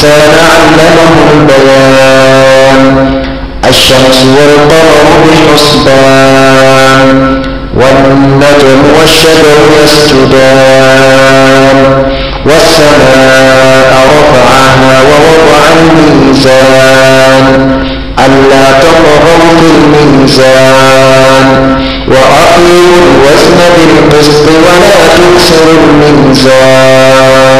سنعلمه البيان الشمس والقمر بحسبان والنجم والشجر يسجدان والسماء رفعها ووضع الميزان ألا تطغوا في الميزان وأقيموا الوزن بالقسط ولا تكسروا الميزان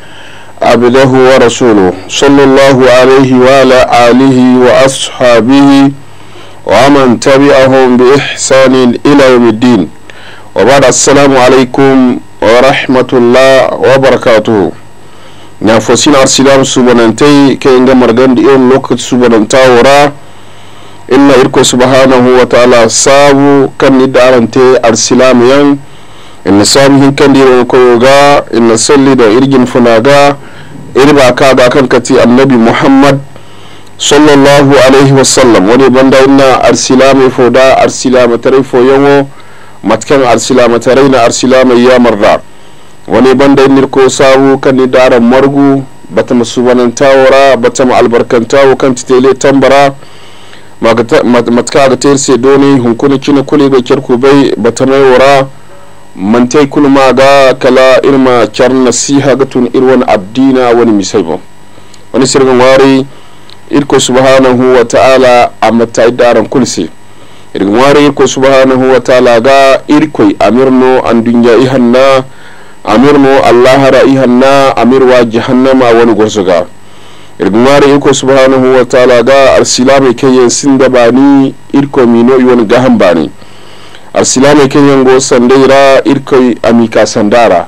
عبده ورسوله صلى الله عليه وعلى آله وأصحابه ومن تبعهم بإحسان إلى يوم الدين وبعد السلام عليكم ورحمة الله وبركاته نافوسين أرسلام سبحانتي كي نغمر غند يوم لوكت سبحانتا ورا إلا إركو سبحانه وتعالى سابو كان ندارنتي أرسلام ين إن سامي كان ديرو كوغا إن سلي دا إرجن فناغا irba ka ba kan kati annabi muhammad sallallahu alaihi wasallam wani banda ina arsila mai foda arsila matarai foyanwo matkan arsila matarai na arsila mai yamarra wani banda ina ko sabu kan ni daren margu bata masu wara bata ma albarkantawo kan titele tambara matka ga tayar doni hunkuni kina kule ga kirku bai bata mai wara man tay kulma ga kala irma char nasiha ga tun irwan abdina wani ba wani sirgin wari irko subhanahu wa ta'ala a matai daran kulsi irgin wari irko subhanahu wa ta'ala ga irkoi amirno an dunya ihanna amirno allahara ihanna wa jahannama wani gorzuga irgin wari irko subhanahu wa ta'ala ga arsila mai arsilame kayen bani irko mino wani gahan bani arsilama kenyango sandaira irkoi amika sandara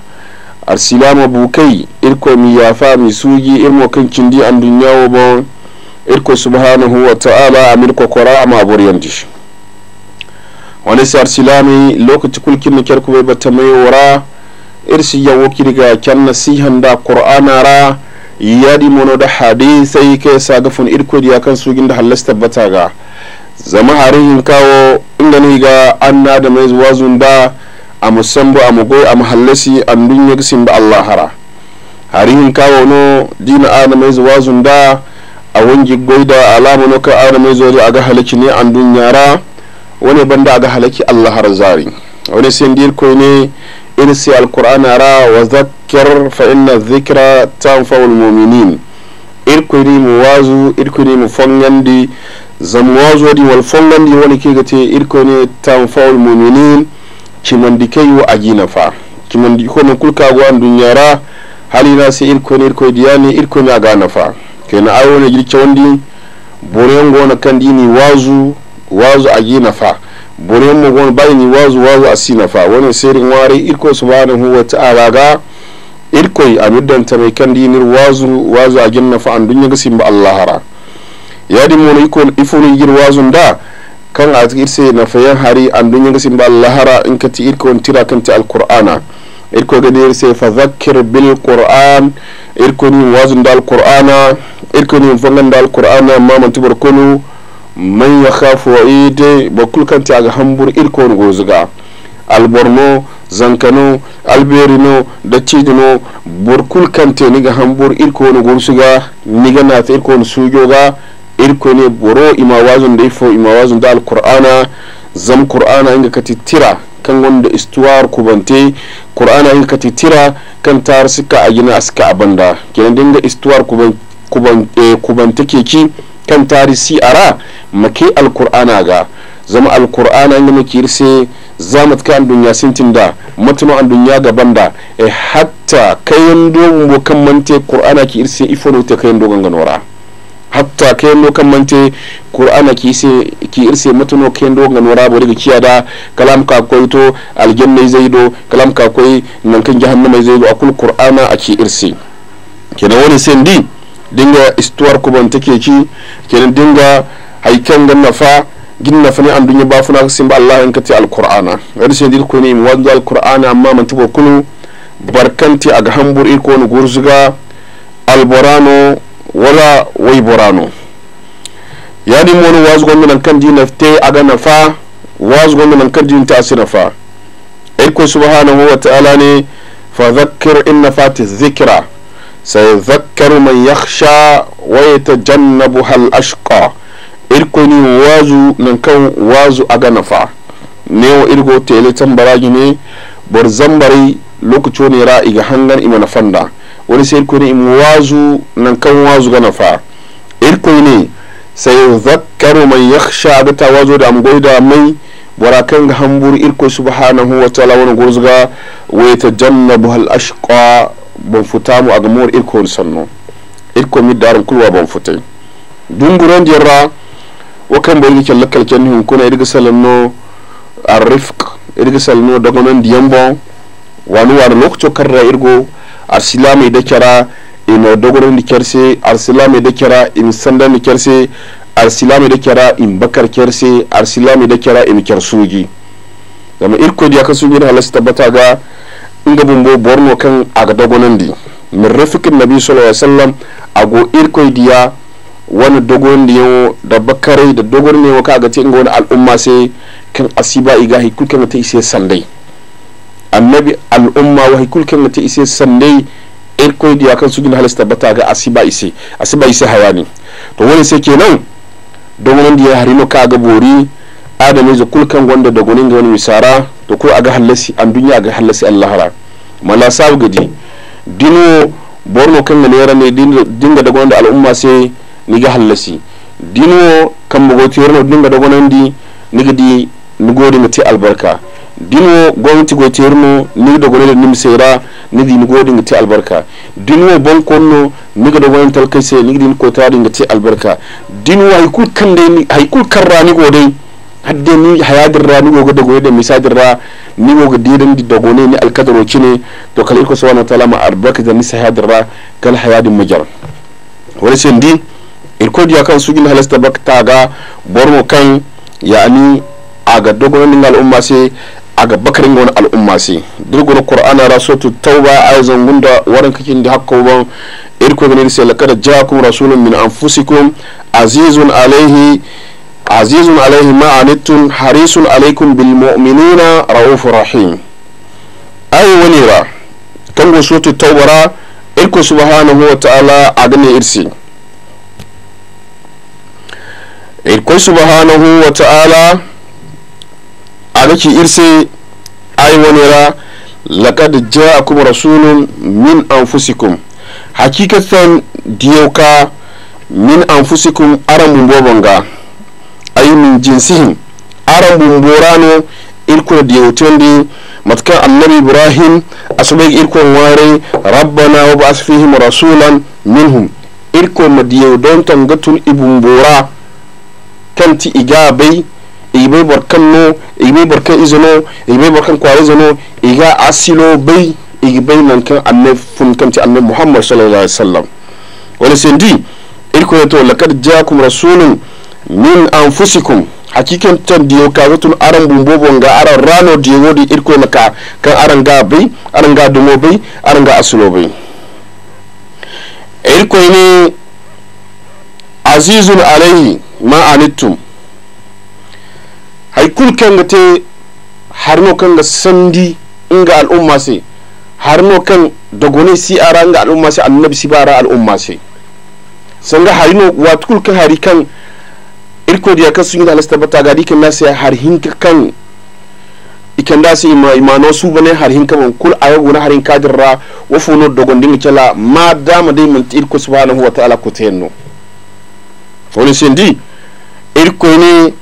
arsilama bukai irko mi yafa mi sugi irmo kan kindi an dunyawo ba irko subhanahu wa ta'ala amir ko kora ma boryandi wani sai arsilami lokaci kulkin nikar kuma bata mai wara irsi ya woki daga kyan nasihan da qur'ana ra yadi mono da hadisai kai sagafun irko da kan sugin da halasta bata ga zama harin kawo inda ni ga na da mai zuwa zunda a musambu a mugoi a mahallasi an gisin ba allah hara harihin kawo no dina a da mai zuwa zunda a wangi goida alamu no ka a da mai zuwa a ga halaki ne an ra wani banda a ga halaki allah har zari wani sai dir ko ne irsi alqur'ana ra wa zakkar fa inna dhikra tanfa'ul mu'minin irkuri mu wazu irkuri mu fongandi zamuwazo di wal fonlandi woni kigate irkoni tan fawol muminin cimandi a gina fa cimandi kono kulkago an duñara halina se irkoni irko diyani irkomi agana fa kena awone jiri cawandi boren gona kandi ni wazu wazu gina fa boren mo gon bayni wazu wazu asina fa woni seri ngwari irko subhanahu wa ta'ala ga irkoy amiddan tamay kandi ni wazu wazu gina fa an dunya ba allahara yadi mono ikon ifoni yigir wazun da kan a sai na fayan hari an dunya ga simba lahara in kati irkon tira kan kanti alqur'ana irko ga sai fa zakkir bil qur'an irko ni wazun da alqur'ana irko ni fangan da alqur'ana ma man tubar kunu man yakhafu wa'id bakul kanti ga hambur irkon gozuga alborno zankano alberino dacidino burkul kante ga hambur irkon gozuga niga nata irkon sujoga irko ne boro ima wazun da ifo ima wazun da alkur'ana zam qur'ana inga titira kan wanda istuwar kubante qur'ana inga titira kan tar sika ayina aska abanda kenan dinga istuwar kuban eh, kubante keki kan tari si ara make alkur'ana ga zama alkur'ana inga makir sai zamat ka an dunya sintin da matuma an dunya gaban da e hatta kayan dogon bokan mante qur'ana ki irse ifono ta kayan dogon ganora hatta no kan mante qur'ana ki se ki irse matuno kendo ngan wara bo daga kiyada kalam ka koy to aljanna zaido kalam ka koy nan kan jahannama zaido akul qur'ana a ki irse kenan wani sen di dinga istuwar ku ban take ki kenan dinga haikan ganna fa ginna fani an dunya ba funa sin ba Allah yanka ti alqur'ana wani sen di ko ne mu wanzu alqur'ana amma man tubo kulu barkanti aga hambur iko ni gurzuga alborano wala way borano yani wani wazu gwamnati nan kan dina te aga fa wazu gwamnati nan kan dina ta asi nafa ai ko subhanahu wa ta'ala ne fa zakar in na mai dhikra sayadhakkaru man yakhsha ta jannabu hal ashqa irko ni wazu nan kan wazu aga nafa ne wa irgo tele tambaragi ne bar zambari lokaci ne ra'i iga hangan imana fanda wani sai irko ne im wazu nan kan wazu gana fa irko ne sai zakkaru man yakhsha da wazo da amgoi da mai warakan kan ga hamburu irko subhanahu wa ta'ala wani gurzga wa yatajannabu hal ashqa ban futa mu aga mor irko sanno irko mi daran kulwa ban futai dunguran jirra wa kan bai kallakal kalkan hun kuna irga salanno arrifq irga salanno dagonan diyambo wani wani lokacin karra irgo mai da kera in dogoron da kerse mai da kera in sandan da kerse mai da kera in bakar kerse mai da kera in kersugi zama irko da kasu sugin halasta tabbata ga inga bumbo borno kan aga dogonan di min rafikin nabi sallallahu alaihi wasallam go irko diya wani dogon da yawo da bakarai da dogon ne wa ka ga tinga wani al'umma sai kan asiba iga hikul kan ta isa sandai annabi al'umma wahi kulken mata isi sandai ir er da diya kan sujin halista bata ga asiba ise asiba hawa hayani to wani sai kenan don da ya hari no ga bori adami zo kulkan wanda da gunin ga wani misara to ko aga halasi an duniya aga halasi Allah hara mala sabu gadi dino borno kan ne yara ne dinga da gwanda al'umma sai ni ga halasi dino kan bugotiyar no dinga da gwanda ni ga di ni gode mutai albarka dinwo gwamnati go terno ni da gore da nim sera ni din go din ti albarka dinwo bon konno ni ga da wani talkaise ni din ko ta din ti albarka dinwo ay kul kan dai ni ay kul karra ni go dai hadde ni hayadir ra ni go da go da misadir ra ni go ga didan di da gone ni alkadaro kine to kal ko subhanahu wa ta'ala ma arbaka da ni sahadir ra kal hayadin majar wala sen di il ko diya kan sugin halasta bakta ga bormo kan yani aga dogon ni al umma sai ga bakarin wani al'umma sai durgur qur'ana rasulullahi tauba ay gunda waran kakin da hakko ban irko ganin sai laqad jaakum rasulun min anfusikum azizun alayhi azizun alayhi ma anittum harisun alaykum bil mu'minina raufur rahim ay ra kan go sotu tawbara irko subhanahu wa ta'ala agane irsi irko subhanahu wa ta'ala anaki irse ai wani ra laqad ja'akum rasulun min anfusikum hakikatan diyauka min anfusikum aran bumbo bonga ay min jinsihim aran bumborano irkuna diyautondi matkan annabi ibrahim asubeg irkon ware rabbana wa ba'ath fihim rasulan minhum irko madiyau don tangatul ibumbora kanti igabai ibai barkan no ibai barkan izono ibai barkan kwari zano iga asilo bai ibai nan kan annabi fun kanti annabi muhammad sallallahu alaihi wasallam wala sendi irko to lakad jaakum rasulun min anfusikum hakikan tan diyo ka wutun aran bumbo bonga aran rano diyo wodi irko maka kan aran ga bai aran ga dumo bai aran ga asilo bai irko ne azizun alaihi ma anittum haikul kanga te harno kanga sandi inga al'umma se harno kan dogone si ara al al'umma se annabi si bara al'umma se sanga harino watkul kan hari kan irko dia kan sun yi da alasta bata gadi kan nasa har hinka kan ikan da su imano su bane har hinka ban kul ayo yau na harin kadirra wafu no dogon dinga cala ma dama dai mun irko subhanahu wa ta'ala ko tayenno wani sendi irko ne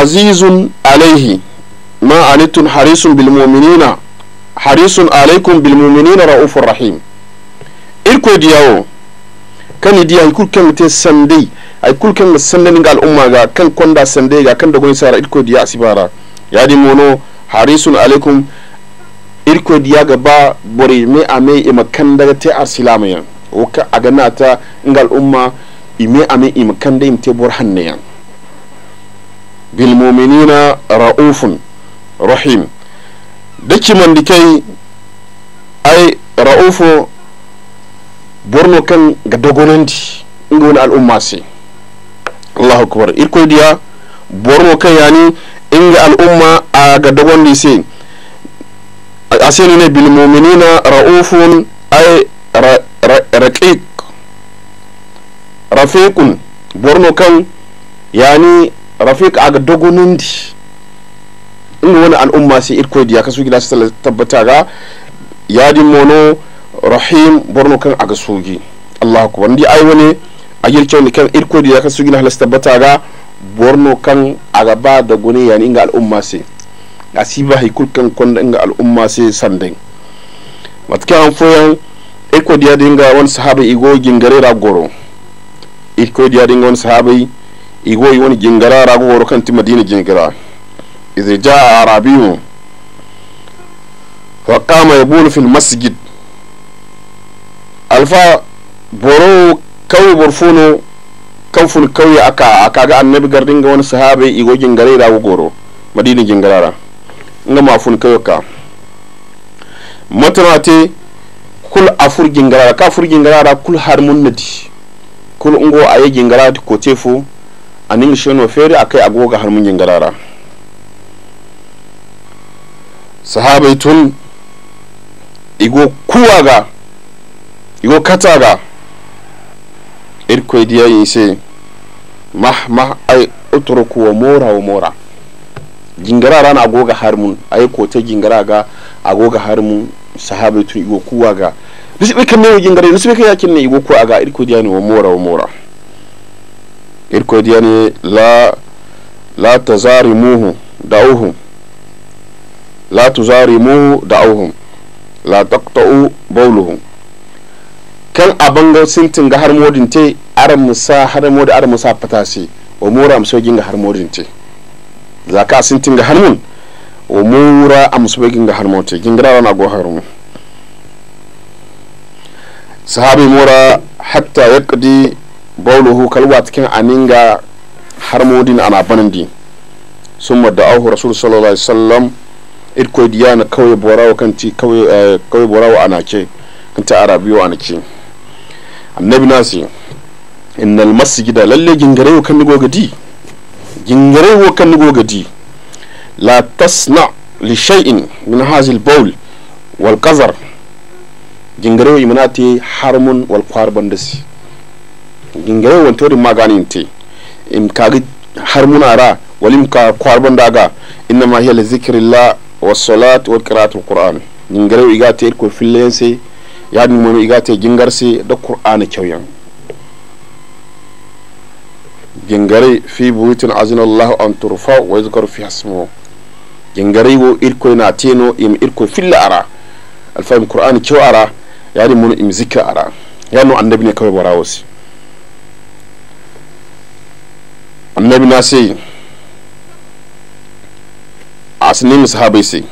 azizu alaihi na anittum harisun bil mu'minina harisun alaikum bil mu'minina raufur rahim irko diyawo kan diya ikul kan te sande ay kul sande ni gal umma ga kan konda sande ga kan da goni sara irko diya asibara yadi mono harisun alaikum irko diya ga ba me ame ima kan daga te arsilama yan o ka agana ta ngal umma ime ame ima kan da imte bor yan bilmuminina ra'ufun rahim daki mandikai ai ra'ufu borno kan ga dogonanti inga wani al'umma sai allahu akbar irko diya borno kan yani inga al'umma a ga dogondi sai a sai ne bilmuminina ra'ufun ai raqiq rafiqun borno kan yani rafiq aga wani al'umma sai irko umma ya kasu ka su tabbata ga yaadi mono rahim borno kan aga suugi allahu akbar ndi ay wani a yircewni kan kasu ka sugila tabbata ga borno kan aga ba da gune yani inga sai a si ba haikul kan kwanda inga al'umma sai si matakin an foyan ya dinga won sahaba igo gingarera goro ya dinga wani sahabai igo wani jingara rago kan ti madina jingara a arabiyu wa kama ya bulu fil masjid alfa boro kawai burfuno kawfun kawai aka ga annabi ga wani sahabe igo jingare rago goro madina jingarara nga mafun kawai ka te kul afur jingarara ka afur jingarara kul har munnadi kul a aye gingara ko tefo anin shino fere akai agoga har mun garara sahabai tun igo ga igo kataga irkoy diya yise mah mah ai utruku wa mora wa mora jingara na agoga mun ai ko ta jingara ga agoga mun sahabai tun igo kuwaga nisi be kan ne jingara bisu be kan yakin ne igo ga irkoy diya ne wa mora wa mora irko ne la la ta zari la da da'uhum la taqta'u bawluhum kan abanga sintin ga har modin te ara musa har modin ara musa patasi o mura musu yi ga har modin te zaka sintin ga mun o mura am yi ga har te gingira na go mun sahabi mura hatta yaqdi bawluhu kalwa tikin aninga modin ana banandi summa da'ahu rasul sallallahu alaihi wasallam irko diyana kawai borawa kanti kawai kawai borawa anake kanta arabiyo ce annabi nasi innal masjid lalle gingarewo kan nigo gadi gingarewo kan nigo gadi la tasna li shay'in min hazil bawl wal qazar gingarewo imanati harmun wal qarbandasi gingere wontori magani inte im kagi har ra walim ka kwarban daga inna ma hiya zikrillah wa salat wa qira'atu alquran gingere iga te ko fillense ya ni mun iga te gingarse da qur'ana e kyauyan gingare fi buyutin azina allah an turfa wa yuzkaru fi hasmu gingare wo irko na teno im irko filla ara alfahim qur'ani kyau e ara ya ni mun im zikra ara ya no annabi ne kawai barawasi annabi na sai a sinin sahabai sai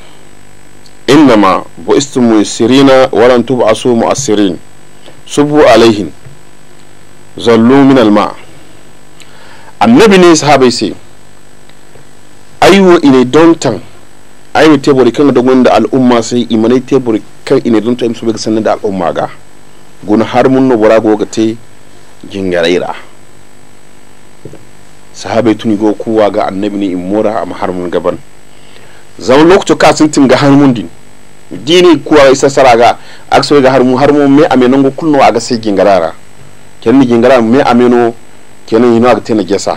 innama bu'istu mu'sirina walan tub'asu mu'assirin subu alaihin zallu min alma annabi ne sahabai sai aiwo ine tan ayiwo teburi kan da gwanda al'umma sai imanai teburi kan ine tan su bai sanar da al'umma ga guna har mun nubura ga te gingaraira sahabai tuni go kuwa ga annabi ne in mora am har mun gaban zaman lokacin ka sun tinga har mun din dini kuwa isa saraga akso ga har mun har mun me ameno go a aga sai gingarara kenan gingarara me ameno kenan yino ga tena gesa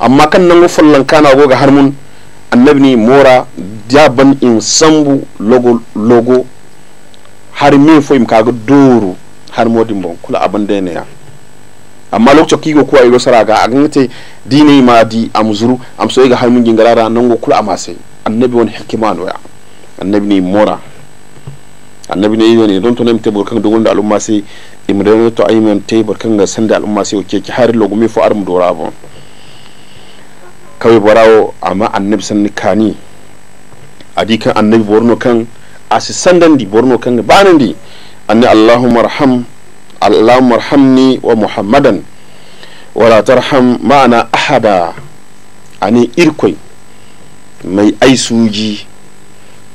amma kan nan go fallan kana go ga har mun annabi ne mora jaban in sambu logo logo har me fo im kaga doro har modin bon kula abanda ne ya amma lokacin kigo kuwa iro saraga a gante dini ma di amzuru am so ga gingara da nan go kula amase annabi won hikiman waya annabi ne mora annabi ne yone don to ne mte burkan dogon da al'umma sai imran to ayman te burkan ga sanda al'umma sai oke ki har logo me fo armu dora bon kawai barawo amma annabi sanni kani adika annabi borno kan asisan sandan di borno kan banan di annabi allahumma arham allahumma arhamni wa muhammadan wala tarham ma'ana ahada ani irkoi mai aisuji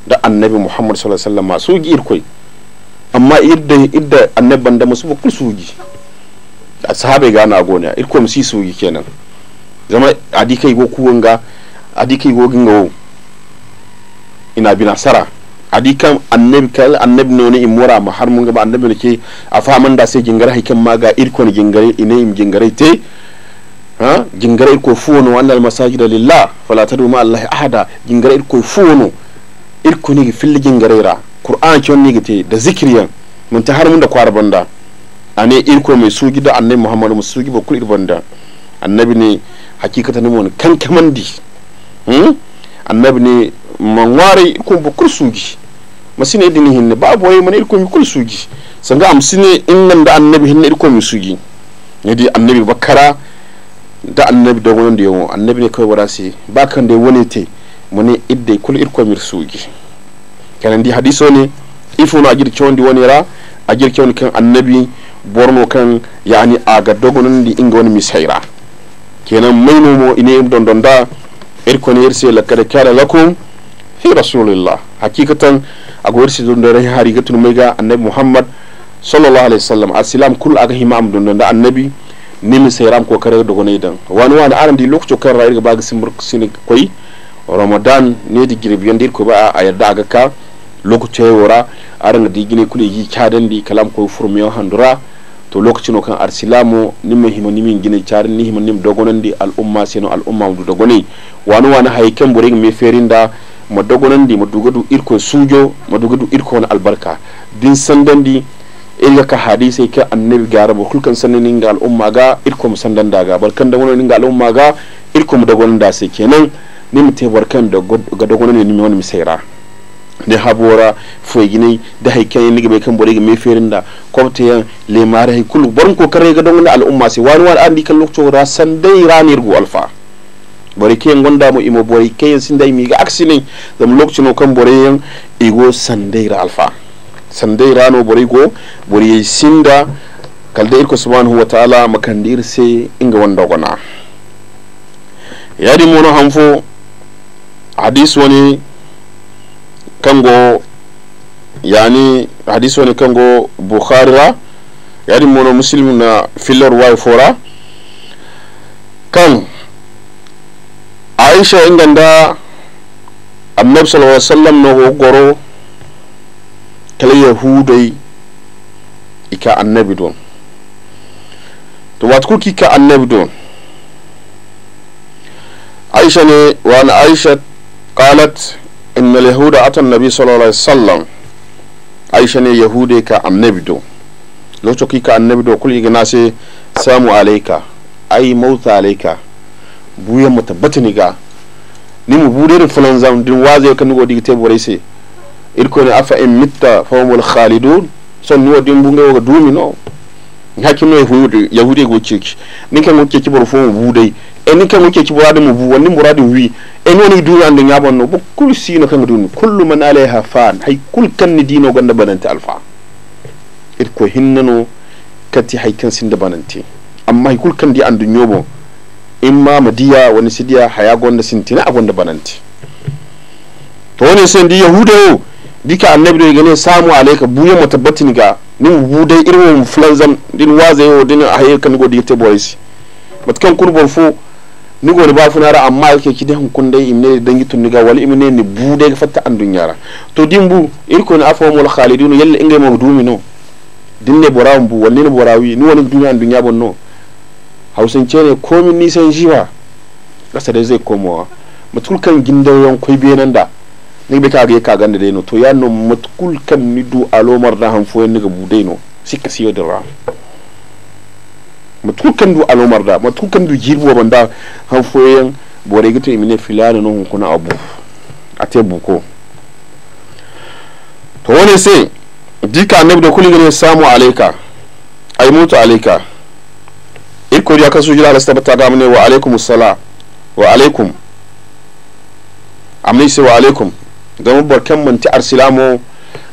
da annabi muhammad sallallahu alaihi wasallam masu irkoi amma idda idda annaban da musu bukul suji a ga na gona irkwai musu suji kenan zama adikai go kuwanga adikai go gingawo ina binasara. sara adi kam annabi kal annabi noni im wara ma har mun ga annabi ke a faman da sai jingare hikin ma ga irkon jingare ine im jingare te ha jingare irko fuwono wa annal masajida lillah fala tadu ma allah ahada jingare irko fuwono irko ni fil jingare ra qur'an ke wonni gite da zikriya mun ta har mun da kwar banda ane irko mai sugi da annabi muhammadu mu sugi ba kul annabi ne hakikatan mun kan kamandi hmm? annabi ne manware kun bu sugi masine idini hinne ba waye mana irko mi kursugi sugi sanga am sine innan da annabi hinne irko mi sugi di annabi bakara da annabi da wani da yawo annabi ne kawai warasi ba kan da wani te mune idde kul irko mi sugi kanan di hadiso ne ifo na ajir kyawon wani ra ajir kyawon kan annabi borno kan yani ga dogonon di inga wani misaira kenan nomo ine don don da irko ne irse kyara lakum fi rasulillah hakikatan a gwar si don dare hari ga tun ga annabi muhammad sallallahu alaihi wasallam asilam kul aga am don da annabi ni nim sayram ko kare da gone dan wani wani aran di lokacin kan rayuwa ba ga simur sin koi ramadan ne di girbiyan dir ko ba a yarda aga ka lokacin wora aran di gine kule yi kadan di kalam ko yo handura to lokacin kan arsilamu ni mi hima ni nimin gine carin ni hima ni dogonan di umma sino al umma du dogoni wani wani haiken burin mi ferinda da ma ma madugadu irko sujo madugadu irko na albarka din sandandi ilga ka hadisai ka annabi gara ba kulkan sannanin ga al'umma ga irko musandan daga barkan da wani ga al'umma ga irko mu dagonan da sai kenan ni mu te barkan da ga dogonan ne ni wani misaira ne habora fo yini da haikan yin ga bai kan bore ga mai ferin da kwamta yan lemare kullu barin kokare ga dogonan al'umma sai wani wani an di kan lokacin ra sandai gu alfa bore ken gonda mo imo bore ken sinday mi ga aksini dam lokcino kam bore yen igo sandeyra alfa sandeyra no bore go bore sinda kalde irko subhanahu wa ta'ala makandir se inga wanda gona yadi mono hanfo hadis wani kango yani hadis wani kango bukhari ra yadi mono muslim na fillar wa fora kan aisha inganda annab sallallahu alaihi wasallam no ta kala yahudai ika annabi don to wat kuki ka annabi don aisha ne wa na aisha qalat inna yahuda ata annabi sallallahu alaihi wasallam aisha ne yahudai ka annabi don lokacin kika annabi don kul igna sai samu alaika ai mauta alaika buya mu tabbata ni ga ni mu bude da fulan zam din zai kan godi digite bore se il ko ne afa in mitta fa humul khalidun son ni wadin bunga go dumi no hakim ne hudu yahudi go ciki ni kan wuke ciki bor fo mu bude e ni kan wuke ciki bor mu bu wani muradi wi e ni wani duniya din ya bonno bu kul na kan dun kullu man alaiha fan hay kul kan ni dino ganda bananta alfa il ko hinnano kati hay kan sinda banante amma hay kul kan di andu nyobo imma madiya wani sidiya haya gonda sintina abonda bananti to wani sai di yahuda yau dika annabi da ganin samu alaika buya matabbatin ga nin budai irin fulan din waze yau din a haye kan godi te boys matkan kurbon fu ni gori ba funa ra amma yake kide hun kun dai imne dangi tunni ga wal imne ni budai ga fatta an dunyara to dimbu irko na afawmul khalidun yalla ingai mabdumi no ne borawun bu wanne ne borawi ni wani duniya an dunya bonno hausance ne komin nisan jiwa ƙasa da zai komowa matkulkan gindauyon kwai nan da ni be kaage ka gande da daino to ya no matkul kan ni du alomar da han fo ni bude no siyo da ra matkul kan du alomar da matkul kan du jirbo banda da fo yan bore gito imine filana no kuna abu te buko to wani sai dika annabi da kulli ne samu alaika ai mutu alaika iko ya kan jira da tabbata ga mune wa alaikum sala wa alaikum amni sai wa alaikum da barkan mun ti arsilamu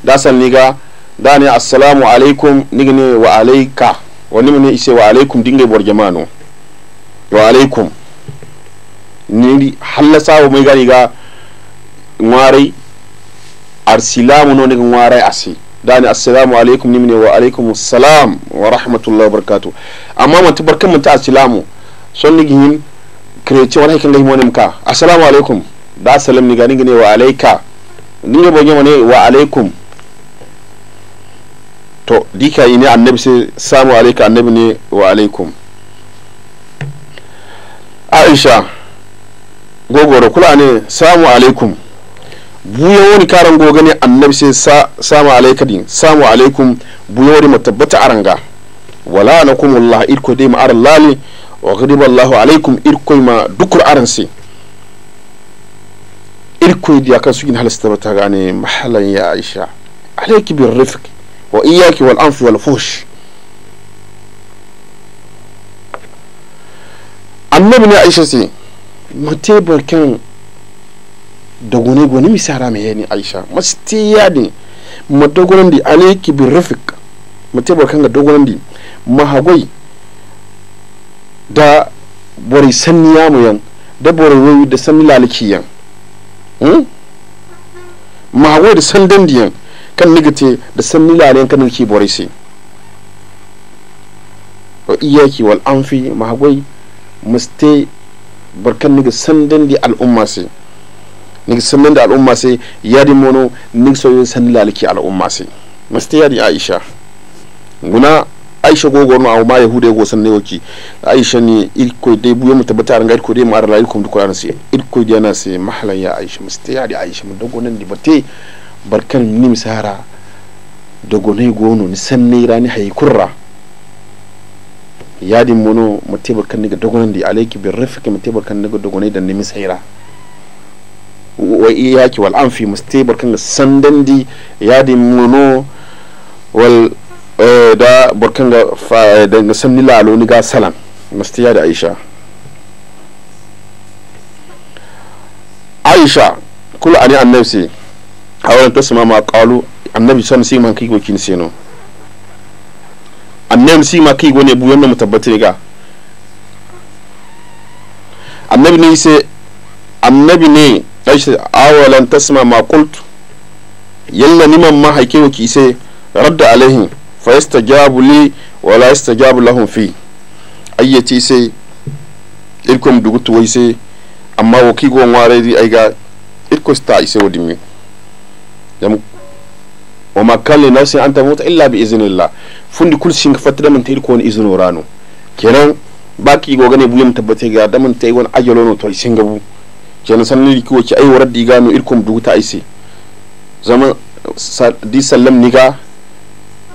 da san ga da ne assalamu alaikum ni ne wa alayka wani mun ise wa alaikum dinga bor jama'a wa alaikum ni halasa wa mai gani ga ngwarai arsilamu no ni ngwarai asi dani assalamu alaikum ni ne wa alaikum salam wa rahmatullahi wa barakatu amma mun tabarkan mun ta assalamu son ni gihin kreci wani hakin gahi monim ka assalamu alaikum da salam ni gani gane wa alaika ni ne boge mane wa alaikum to dika ine annabi sai samu alaika annabi ne wa alaikum aisha gogoro kula ne samu alaikum buya wani karan go gani annabi sai sa samu alaikadin samu alaikum buya wani matabbata aranga wala kuma nakumullah irko dai ma aran lali wa ghadiba allah alaikum irko ma dukur aran sai irko di kan su yin halasta mata gane mahalan ya aisha alaiki bir rifq wa iyaki wal anfi wal fush annabi ne aisha sai mate barkan gune gune misara mai yani aisha masti yadi ma dogonan di alaiki bin rufik rafik ma tebar kanga dogonan di mahagwai da bori sanni yamu yan da bori wayu da sanni lalaki yan hmm? mahagwai da san yan kan nigate da sanni lalayen kan nake bori sai wa iyaki wal anfi mahagwai hagoi muste barkan niga san dandi al'umma sai ni sannan da al'umma sai yadi mono ni yin san laliki al'umma sai masti yadi aisha guna aisha gogo aw amma yahude go sanne woki aisha ni irko de bu mu tabata ran ko de ma ara laikum du qur'an se irko de na sai mahalan ya aisha masti yadi aisha mun dogo nan di bate barkan ni misara dogo ne gono ni sanne rani hay kurra mono mu kan ni ga dogo nan di alayki bi rafiki mu kan ni dogo ne da ni misaira wa iyaki wal anfi mustibir kan sandandi yadi mono wal eh, da burkan ga eh, da sanni lalo ni ga salam mustiya da aisha aisha kula ani annabsi hawan sama ma qalu annabi san si man kai kin sino annabi si ma kai ne bu yanda mutabbati ga annabi ne sai annabi ne aisha awalan tasma ma qult yalla niman ma hakimu kise radda alaihi fa yastajabu li wa la yastajabu lahum fi ayyati sai irkom dugutu wai sai amma waki go ngware di aiga irko sta ise wadimi yam wa ma kan li nafsin an tamut illa bi iznillah fundi kul shin fatta man tayi ko wani iznu rano kenan baki go gane buyam tabbate ga daman tayi wani ajalono to shin gabu kenan sanni ki woci ayi warad diga no irkom duguta ta aise zama di sallam niga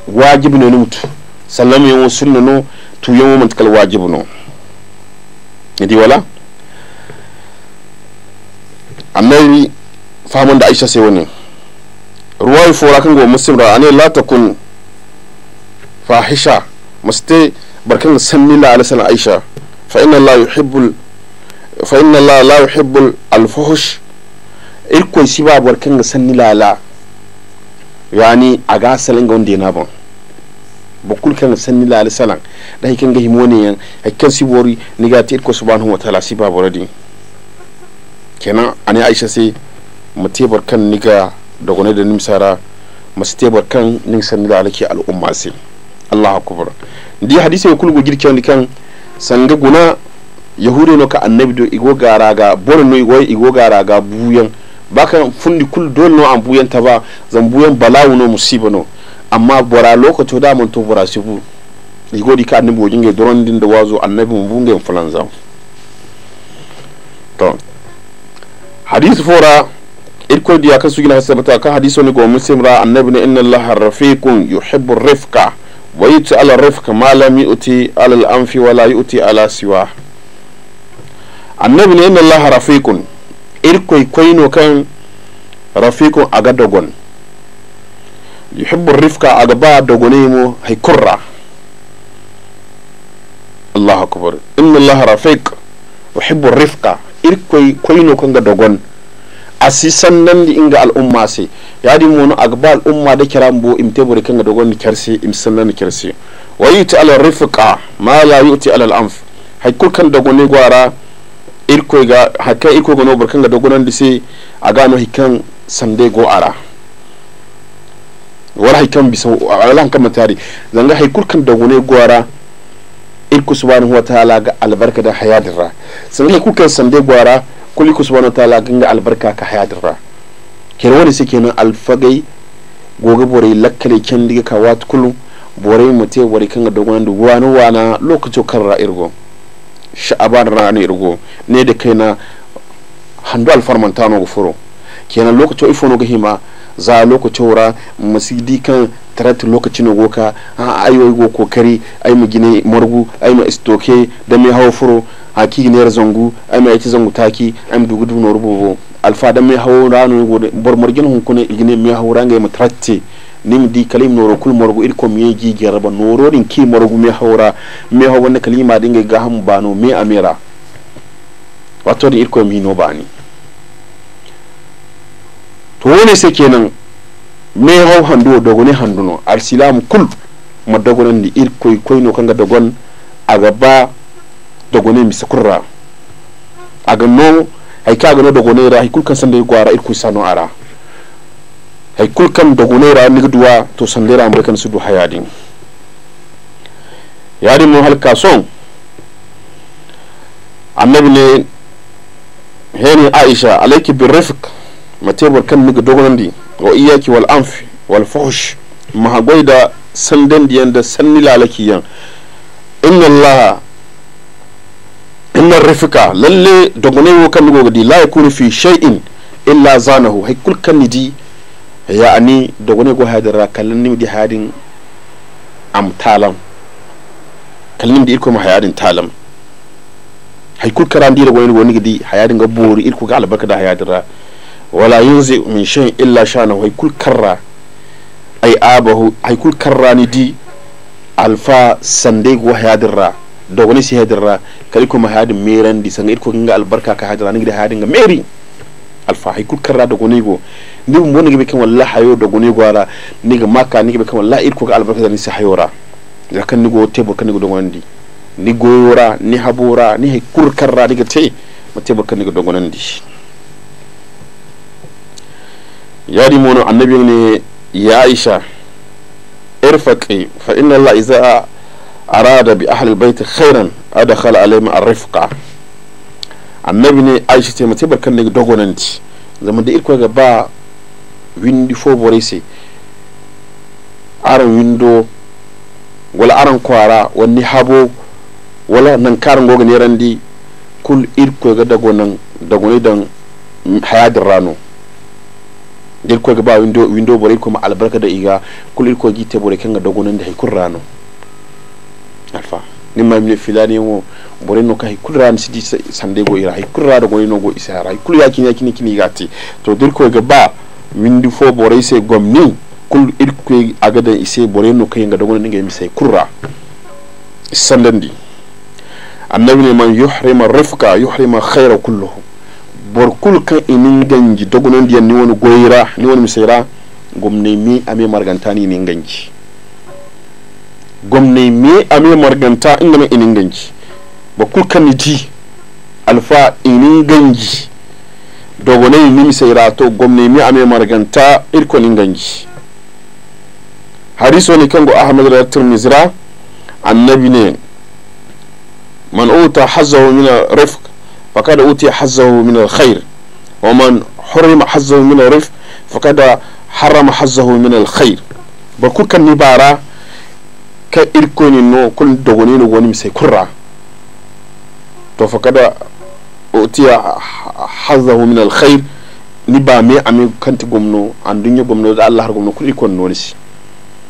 wajib ne mutu sallam yawo sunna no tu yawo man kal wajib no ndi wala annabi faman da aisha sai wani ruwayi fora kan go muslim da ne la takun fahisha muste barkan sanni la ala aisha fa inna allah yuhibbul fa inna allaha la yuhibbul alfuhush irkoy siba barkan ga sanni lala yani a ga salin ga wanda yana ban bakul kan sanni lala salan dai kan ga himone yan hakkan sibori ni ga ta irko subhanahu wa ta'ala siba boradi kenan ani aisha sai mutebar kan ni ga da gone da nimsara masu tebar kan nin sanni lala ke al'umma sai allah akbar ndi hadisi ko kulgo girkin kan sanga guna yahure no ka annabi do igo gara ga no igo igo gara ga buyan baka fundi kul dole no an buyan ta ba zan buyan balawu no musiba no amma bora lokaci da mun to bora sibu igo di ka annabi wajin ga doron din da wazo annabi mun bunga fulanza to hadith fora irko diya kan su gina hasabata kan hadisi wani gomin simra annabi ne inna allaha rafiqun yuhibbu rifqa wa yuti ala rifqa ma lam yuti ala al-anfi wa la yuti ala siwa annabi ne inna allaha rafiqun irkoy koyno kan rafiqun aga dogon yuhibbu rifka aga ba mu hay kurra allahu akbar inna allaha rafiq yuhibbu rifka irkoy koyno kan ga dogon asi sannandi inga al'umma se yadi mono agba al'umma da kiran bo imte kan ga dogon ni san im sannandi kerse wa yuti alal rifqa ma la yuti ala anf hay kurkan dogon ne gwara irkoiga hakkan irkoiga no ga dogonan sai a gano hikan sande go ara wala hikan bisa wala hankan matari zanga haikul kan dogone go ara irko subhanahu wa ta'ala ga albarka da hayadirra sanga haikul kan sande go ara kuli ku subhanahu wa ta'ala ga albarka ka ra kira wani sai kenan alfagai goga borai lakkale kyan diga kawat wat kullu borai mutai wari kan dogonan da wani wana lokacin kan ra irgo sha'aban rana irgo ne da kai kaina handu na gufuro kenan lokacin ifo na gahima za lokacin wura masidi dikan taratu lokacin goka a ayoyi go kokari ai mu gine margu ai mu istoke da mai hawa furo ki ne zangu ai mu aiki zangu taki ai mu dugudu na rububo alfa da mai hawo ranu go bar margin gine kuna igine mai hawo yi mu tratte nim di kalim noro kul morgo ir kom ji jaraba noro din ki morgo me hawra me hawo ne kalima dinga ham bano me amira wato din ir kom no bani to ne se kenan me hawo hando dogone handuno arsilam kul ma dogonan di ir koy koy no kanga dogon aga ba dogone mi sakurra aga no ay kaga no dogone ra hay kul kan sande gwara ir koy sano ara ay kul kam dogunera nigduwa to sandera amre su du hayadin yari mu halka son annabi ne heni aisha alayki birifq matebor kan niga dogonandi wa iyaki wal anf wal fuhsh maha sandan diyan da sanni yan inna allah inna rifqa lalle dogonewo kan nigo gadi la yakunu fi shay'in illa zanahu hay kulkan nidi ya'ani dogone go hadira kallannim di hadin am talam kallannim di irko ma hayadin talam hay kul karandi da wani wani gidi hayadin ga bori irko ga albarka da hayadira wala yunzi min shay illa shana hay kul karra ay abahu hay kul karrani di alfa sande go hayadira dogone si hayadira kaliko ma hayadin merandi sanga irko ga albarka ka hayadira ni gidi hayadin ga meri alfa hay kul karra dogonigo ndi mo nigi be kan walla hayo dogonigo ara niga maka nigi be kan walla irko ka albarka ni sa hayora zakan nigo tebo kan nigo dogonandi ni goyora ni habora ni hay kul karra diga te mo tebo kan nigo dogonandi mono annabi ne ya aisha irfaqi fa inna allaha iza arada bi ahli albayt adkhala alayhim annabi ne aisha ce mace barkan ne dogonanti zama da irko ga ba windi fo borese aran windo wala aran kwara wani habo wala nan karin goga ne randi kul irko ga dogonan dagone dan hayadin rano dirko ga ba windo windo bore kuma albarka da iga kul irko gi te bore kanga dogonan da haikun rano ni mamile filani wo bore no kai kulra ni sidi sande go ira kulra da go no go isara kul ya kini kini kini gati to dir ko ga ba windi fo bore se gomni kul ir ko aga da ise bore no kai ga da go ni ga mi sai kurra sandandi annabi ne man yuhrima rifqa yuhrima khayra kulluh bor kul ka inin ganji dogonon diyan ni woni goyira ni woni misira gomne mi ame margantani ni ganji gomne me ame marganta inin ininganji ba kulka niti alfa ininganji yi nimi rato gomne me ame marganta irko ninganji hariso ne kango ahmad ratul mizra annabi ne man uta hazzahu min rifq faqad uti hazzahu min alkhair wa man hurima hazzahu min rifq faqad harama hazzahu min alkhair ba kuka ni bara ka ne no kun dogoni ne wani sai kurra to fa kada otiya hazahu min alkhair ni ba me ami kanti gomno an ya gomno da Allah har gomno kun ikon no si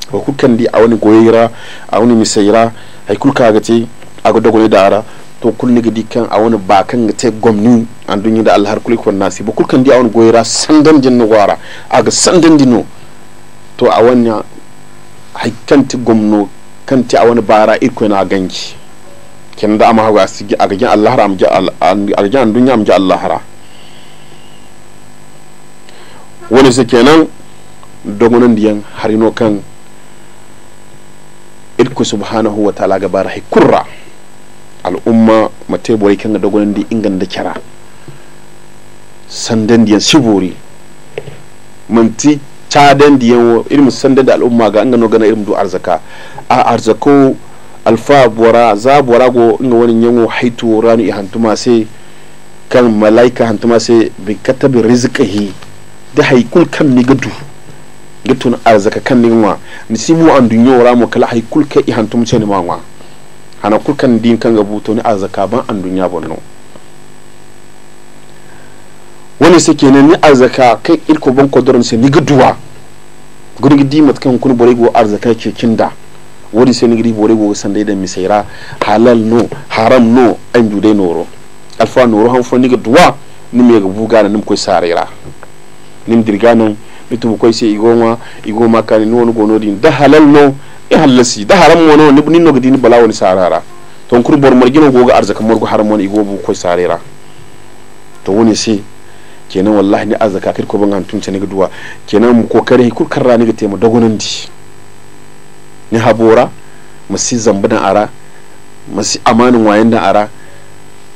ko kan kandi a wani goyira a wani misaira ai kul ka a ga dogoni da ara to kun ni gidi kan a wani ba kan gate gomni an ya da Allah har kul ikon nasi ba kul kandi a wani goyira sandan jinnu gwara ga sandan dino to a wani haikanti gomno kan ti a wani bara irko na ganki kenan da amma hawa sigi a gajin allahara a gajin dunya am ji Allah wani su kenan dogonan diyan harino kan irko subhanahu wa ta'ala ga bara hikurra al'umma mata bori kan da dogonan di ingan da kira sandan diyan sibori manti ta da yawo irin sandan da al'umma ga an gana irin du arzaka a arzako alfa bora za bora go inga wani yawo haitu ranu i hantuma sai kan malaika hantuma sai bi katabi rizqihi da haikul kan ni gadu tun arzaka kan ni wa nisibu an dunyo ramu kala haikul ka i hantuma ce ni ma hana kulkan din kan gabuto ni arzaka ban an dunya bonno wani se kenan ni arzaka kai irko ban kodoron sai ni guduwa gurgi dimat kan kun go arzaka ke kinda wani sai ni gidi san sandai da misaira halal no haram no an jude noro alfa noro han fon ni guduwa ni me ga buga nan ko sarira nim dirganan mitum ko sai igoma igoma kan ni wono gono din da halal no e halasi da haram wono ni bunin no gidi ni bala wani sarara to kun bor margino goga arzaka morgo haram wono igobu ko sarira to wani sai kenan wallahi ni azaka kir ko ban hantun ce ni duwa kenan mu kokari kur karra ni te mu dogonan di ni habora musi zambudan ara musi amanin wayan da ara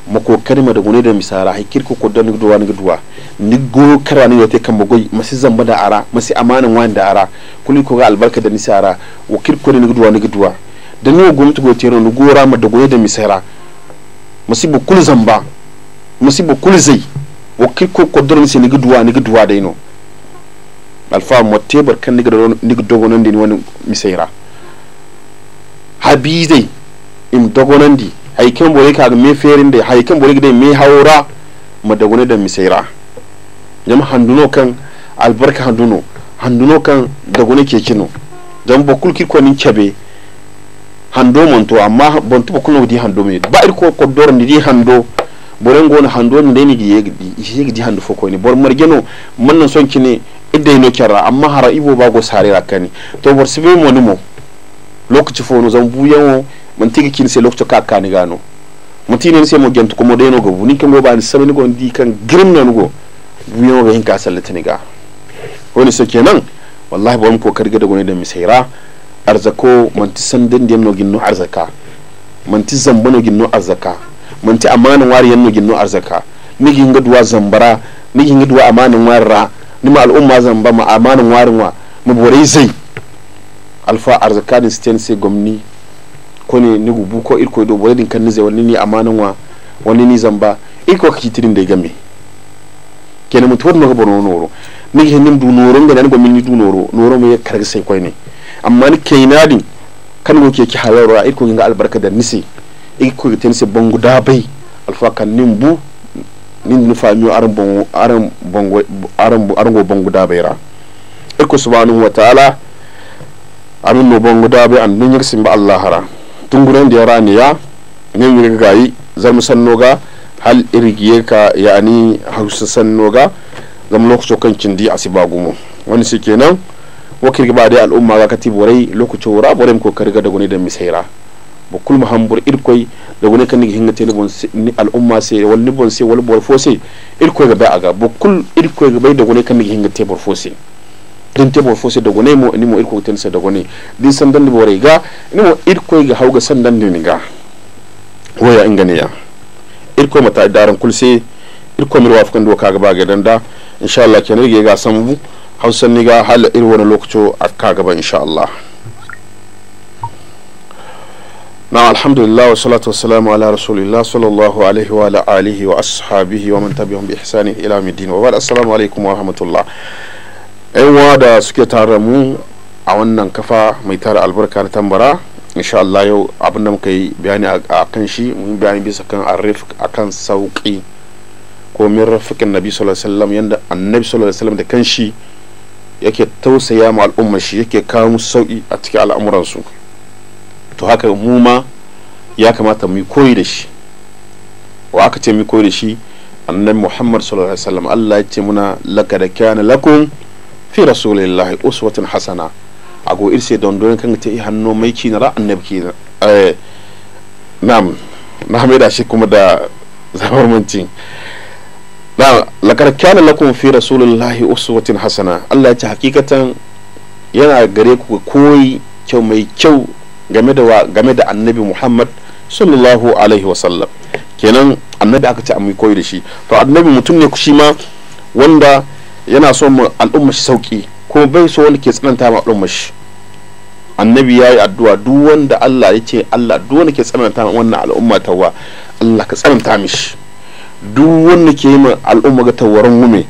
mu kokari ma dogone da misara hakir ko dan ni duwa ni duwa ni go karra ni te kan bugoi musi zamba da ara musi amanin wayan da ara kuli ko ga albarka da misara wa kir ko ni duwa ni duwa dan ni gumtu go tero ni gora ma dogone da misara musibu kul zamba musibu kul zai wo kirko ko doron si nigi duwa nigi duwa dai no alfa mo tebar kan nigi doron nigi dogonon din wani misaira habizai im dogonon di kan bore ka me ferin da kan bore da me haura ma dogone da misaira jam handuno kan albarka handuno handuno kan dogone ke kino jam bokul kirko nin kebe hando monto amma bontu bokul no di hando me ba irko ko doron di hando boren gona hando ne dai ni gi yegdi ishi gi hando foko ni bor margeno man nan son kine idai no kyarra amma hara ibo ba go sare rakani to bor sibe mo ni mo lokaci fo no zan buyan mun tigi kin se lokaci ka ka ni gano mutine se mo gento ko mo deno go buni kan go ba ni sabani go ndi kan girin nan go buyan ga hin ka sallata ni ga woni se kenan wallahi ba mu ko karge da gone da misaira arzako tisan sandan da no ginno arzaka tisan bano ginno arzaka manti amanin wari yanno ginno arzaka nigi nga duwa zambara nigi nga duwa amanin wari ra ni ma al'umma zamba ma amanin wari wa mu bore zai alfa arzaka ni sten sai gwamni ko ne ni gubu ko irko do bore din kan zai wani ni amanin wa wani ni zamba irko ka kitirin da game kenan mu tuwar ga borno noro nigi hinnim du noro nga nan gomni du noro noro mu ya karga sai koi ne amma ni kainadin kan go ke ki halarwa irko ga albarka da nisi iko tense bongo bai alfa kan bu nin nu fami aran bongo aran bongo aran aran go bongo bai ra iko subhanahu wa ta'ala amin no bongo bai an nun yaksin ba Allah hara tunguren da yara ne ya ne yuri gayi zamu sanno ga hal irgiye ka yani hausa sanno ga zam lokacin kan cindi asiba gumo wani shi kenan wakil ba dai al'umma ga katiburai lokacin wura bare mu kokari ga da gune da misaira kul ma hambur irkoy da wani kan nigi hingate ni bonse ni al'umma se wal ni bonse wal bor fose irkoy ga ba aga bo kul irkoy ga bai da wani kan ni hingate bor fose din te bor fose da wani mo ni mo irkoy ten se da wani din san dan bore ga ni mo irkoy ga hauga dan ni ga waya ingane ya irkoy mata daran kul se irkoy mi wafkan do kaga ba ga danda insha Allah kenan ga san mu hausan ni ga hal ir lokaci a kaga ba insha Allah na alhamdulillah wa salatu wa salamu ala rasulillah sallallahu alaihi wa alihi wa ashabihi wa man tabi'ahum bi ihsani ila midin wa ba'd assalamu alaikum wa rahmatullah aiwa da suke tare mu a wannan kafa mai tara albarka na tambara insha Allah yau abinda muka yi bayani a kan shi mun bayani bisa kan arif akan sauki ko min rafiqin nabi sallallahu alaihi wasallam yanda annabi sallallahu alaihi wasallam da kanshi yake tausaya ma al'umma shi yake kawo musu sauki a cikin al'amuran su to haka mu ma ya kamata mu koyi da shi wa aka ce mu koyi da shi annabi Muhammad sallallahu alaihi wasallam Allah ya ce muna da kana lakum fi rasulillahi uswatun hasana ago irse don don kan ta hanno mai ki na annabi ki eh nam na mai da shi kuma da zamanci na lakar kana lakum fi rasulillahi uswatun hasana Allah ya ce hakikatan yana gare ku koyi kyau mai kyau game da game da annabi muhammad sallallahu alaihi wasallam kenan annabi aka ce a koyi da shi to annabi mutum ne shi ma wanda yana so mu al'umma shi sauki kuma bai so wanda ke tsananta ma al'umma shi annabi ya yi addu'a duk wanda Allah ya ce Allah duk wanda ke tsananta ma wannan al'umma tawwa Allah ka tsananta mishi duk wanda ke yi ma al'umma ga tawaran wume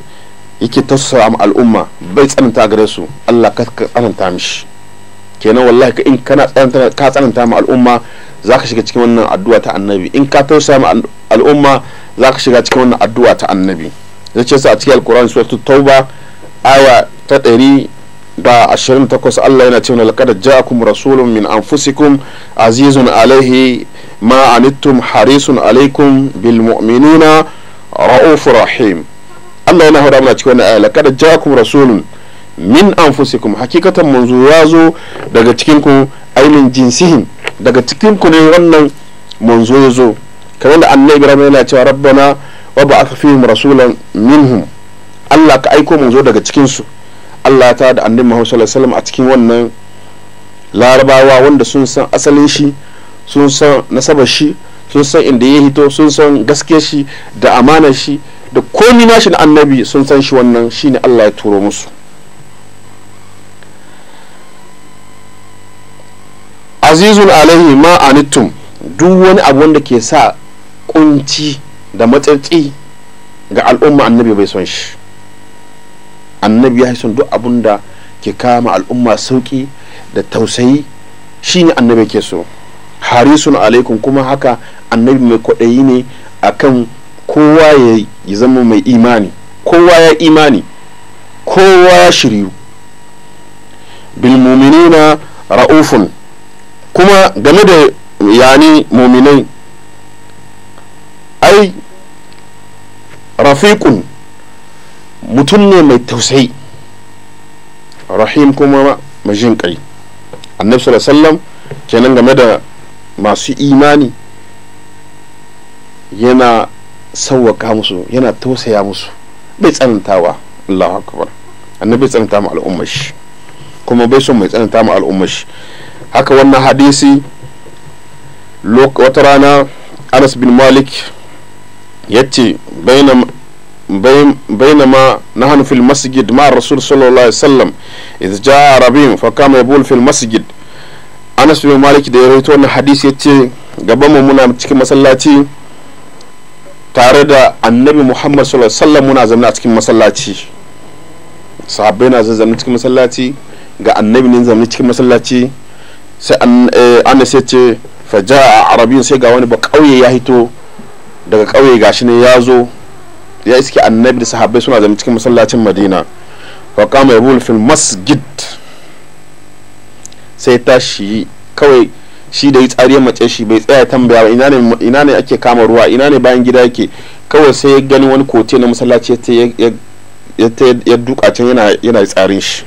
yake tasawa ma al'umma bai tsananta gare su Allah ka tsananta mishi kenan wallahi in kana ka tsananta ma al'umma za ka shiga cikin wannan addu'a ta annabi in ka tausa ma al'umma za ka shiga cikin wannan addu'a ta annabi zai ce sa a cikin alkur'ani suratul tauba aya ta ɗari da ashirin takwas Allah yana cewa laqad ja'akum rasulun min anfusikum azizun alaihi ma anittum harisun alaikum bil mu'minina ra'ufur rahim Allah yana hada mana cikin wannan aya laqad ja'akum rasulun min anfusikum hakikatan manzo ya zo daga cikin ku ainin jinsihin daga cikin ku ne wannan manzo ya zo kamar da annabi ibrahim yana cewa rabbana wa ba'ath fihim rasulan minhum Allah ka aiko manzo daga cikin su Allah ta da annabi Muhammad sallallahu alaihi wasallam a cikin wannan larabawa wanda sun san asalin shi sun san nasabar shi sun san inda ya hito sun san gaske shi da amanar shi da komai nashi na annabi sun san shi wannan shine Allah ya turo musu azizun alaihi ma anittum duk wani abu wanda ke sa kunci da matsatsi ga al'umma annabi bai son shi annabi ya son duk abun da ke kama al'umma sauki da tausayi shine annabi ke so harisun alaikum kuma haka annabi mai kwaɗayi ne a kan kowa ya zama mai imani kowa ya imani kowa ya shiryu na ra'ufun kuma game da yani muminai ai rafiqun mutum ne mai tausayi rahim kuma majin kai annabi sallallahu kenan game da masu imani yana sauwaka musu yana tausaya musu bai tsanantawa Allahu akbar annabi tsananta ma al'ummar shi kuma bai son mai tsananta ma al'ummar shi haka wannan hadisi wata rana anas bin malik ya ce بينما نحن في المسجد مع الرسول صلى الله عليه وسلم إذ rabin عربي فقام يبول fil masjid anas bin malik da ya rawaito wannan hadisi yace gaban mu muna cikin masallaci tare da annabi Muhammad sallallahu alaihi wasallam muna zama a cikin masallaci sahabbai na zama cikin masallaci ga annabi ne zama cikin masallaci sai an eh, sai ce faja a arabin sai ga wani ba kauye ya hito daga kauye gashi ne ya zo ya iske annabi da sahabbai suna zama cikin masallacin madina wa kama yabul fil masjid sai tashi kawai shi da yi tsariyar mace shi bai tsaya tambaya ba ina ne ake kama ruwa ina ne bayan gida yake kawai sai ya gani wani kote na masallaci ya duka can yana tsarin shi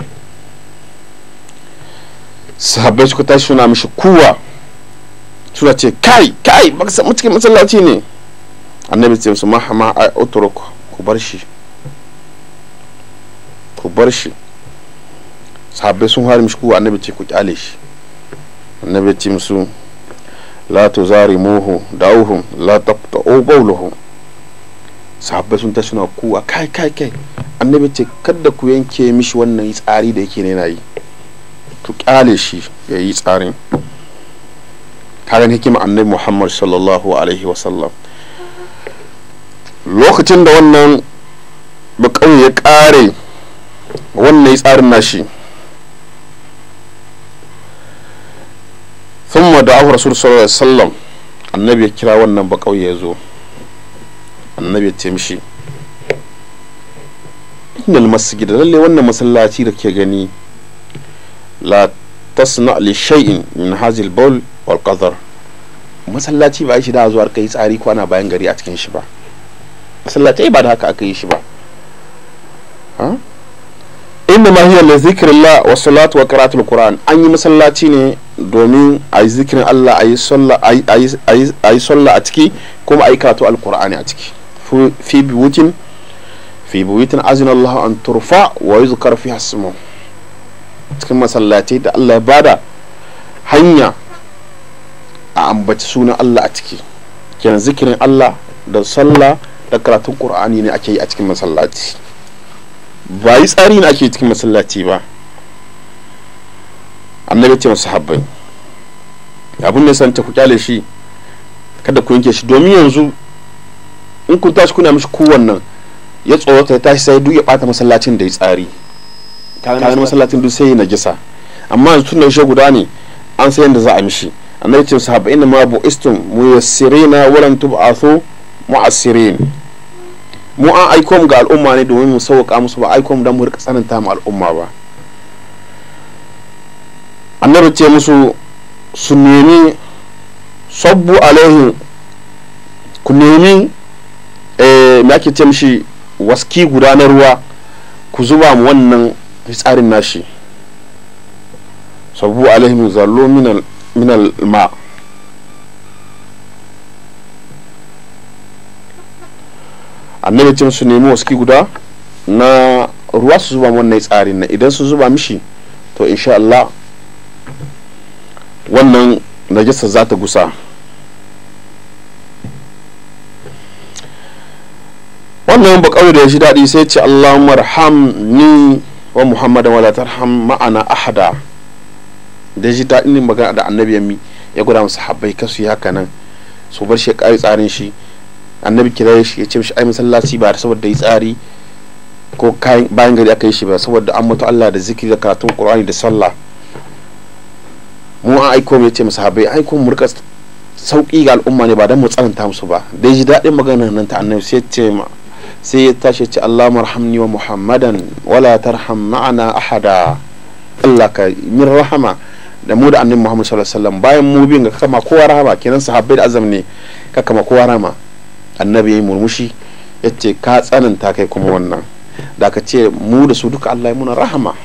sahabai suka tashi suna mishi kuwa suna ce kai kai baka samu cikin masallaci ne annabi ce musu mahama a uturuk ku bar shi ku bar shi sahabai sun hari mishi kuwa annabi ce ku kyale shi annabi ce musu la tuzarimuhu da'uhum la taqta'u qawluhum sahabai sun tashi suna kuwa kai kai kai annabi ce kada ku yanke mishi wannan tsari da yake ne na yi ku kyale shi ya yi tsarin kagan hikima annabi muhammad sallallahu alaihi wasallam lokacin da wannan bakawai ya kare wannan ya tsarin nashi thumma da ahu rasul sallallahu alaihi wasallam annabi ya kira wannan bakawai ya zo annabi ya ce mishi innal masjid lalle wannan masallaci da ke gani la tasna li shay'in min hazil bawl wal qadar masallaci ba shi da zuwa kai tsari kwana bayan gari a cikin shi ba masallaci ba da haka aka yi shi ba inna ma hiya la wa salatu wa qira'atul qur'an an yi masallaci ne domin a yi zikirin Allah a yi sallah a ciki kuma a yi karatu alqur'ani a ciki fi biwutin fi biwutin azina Allah an turfa wa yuzkar fiha ismuhu cikin masallaci da Allah ya bada hanya a ambaci sunan Allah a ciki kenan zikirin Allah da sallah da karatun Qur'ani ne ake yi a cikin masallaci ba yi tsari ne ake cikin masallaci ba annabi ce masu habbai abin da ta ku kyale shi kada ku yanke shi domin yanzu in kun tashi kuna mishi kowannan ya tsorata ya tashi sai duk ya bata masallacin da ya tsari kayan masallacin duk sai na gisa amma yanzu tun da shi guda ne an san yadda za a mishi annabi ce sahaba inna ma bu'istum muyassirina walam tub'athu mu'assirin mu an aiko mu ga al'umma ne domin mu sauƙa musu ba aiko mu dan mu rika tsananta mu al'umma ba annabi ce musu su nemi sabbu alaihi ku nemi eh, me ake ce mishi waski guda na ruwa ku zuba mu wannan fitsarin nashi sabu alaihim zallo minal ma annabi ce su nemi wasu guda na ruwa su zuba wannan tsarin na idan su zuba mishi to insha Allah wannan najasa za ta gusa wannan bakawai da ya shi daɗi sai ce Allah marhamni wa muhammadan wala tarham ma'ana ahada da ta daɗin magana da annabi yammi ya gwada masu habai kasu ya haka nan su bar shi ya ƙari tsarin shi annabi kira shi ya ce mishi ai masallaci ba saboda yi tsari ko bayan gari aka yi shi ba saboda an mutu Allah da zikiri da karatun Qur'ani da sallah mu an aiko mu yace masu habai aiko mu rika sauki ga al'umma ne ba dan mu tsananta musu ba dai ji dadin magana nan ta annabi sai ya ce sai ya tashi ce Allah marhamni wa Muhammadan wala tarham ma'ana ahada Allah ka min rahama da mu da annabi Muhammad sallallahu alaihi wasallam bayan mu bin ga kama kowa rahama kenan sahabbai da azam ne ka kama kowa rahama annabi yayi murmushi yace ka tsananta kai kuma wannan da ka ce mu da su duka Allah ya muna rahama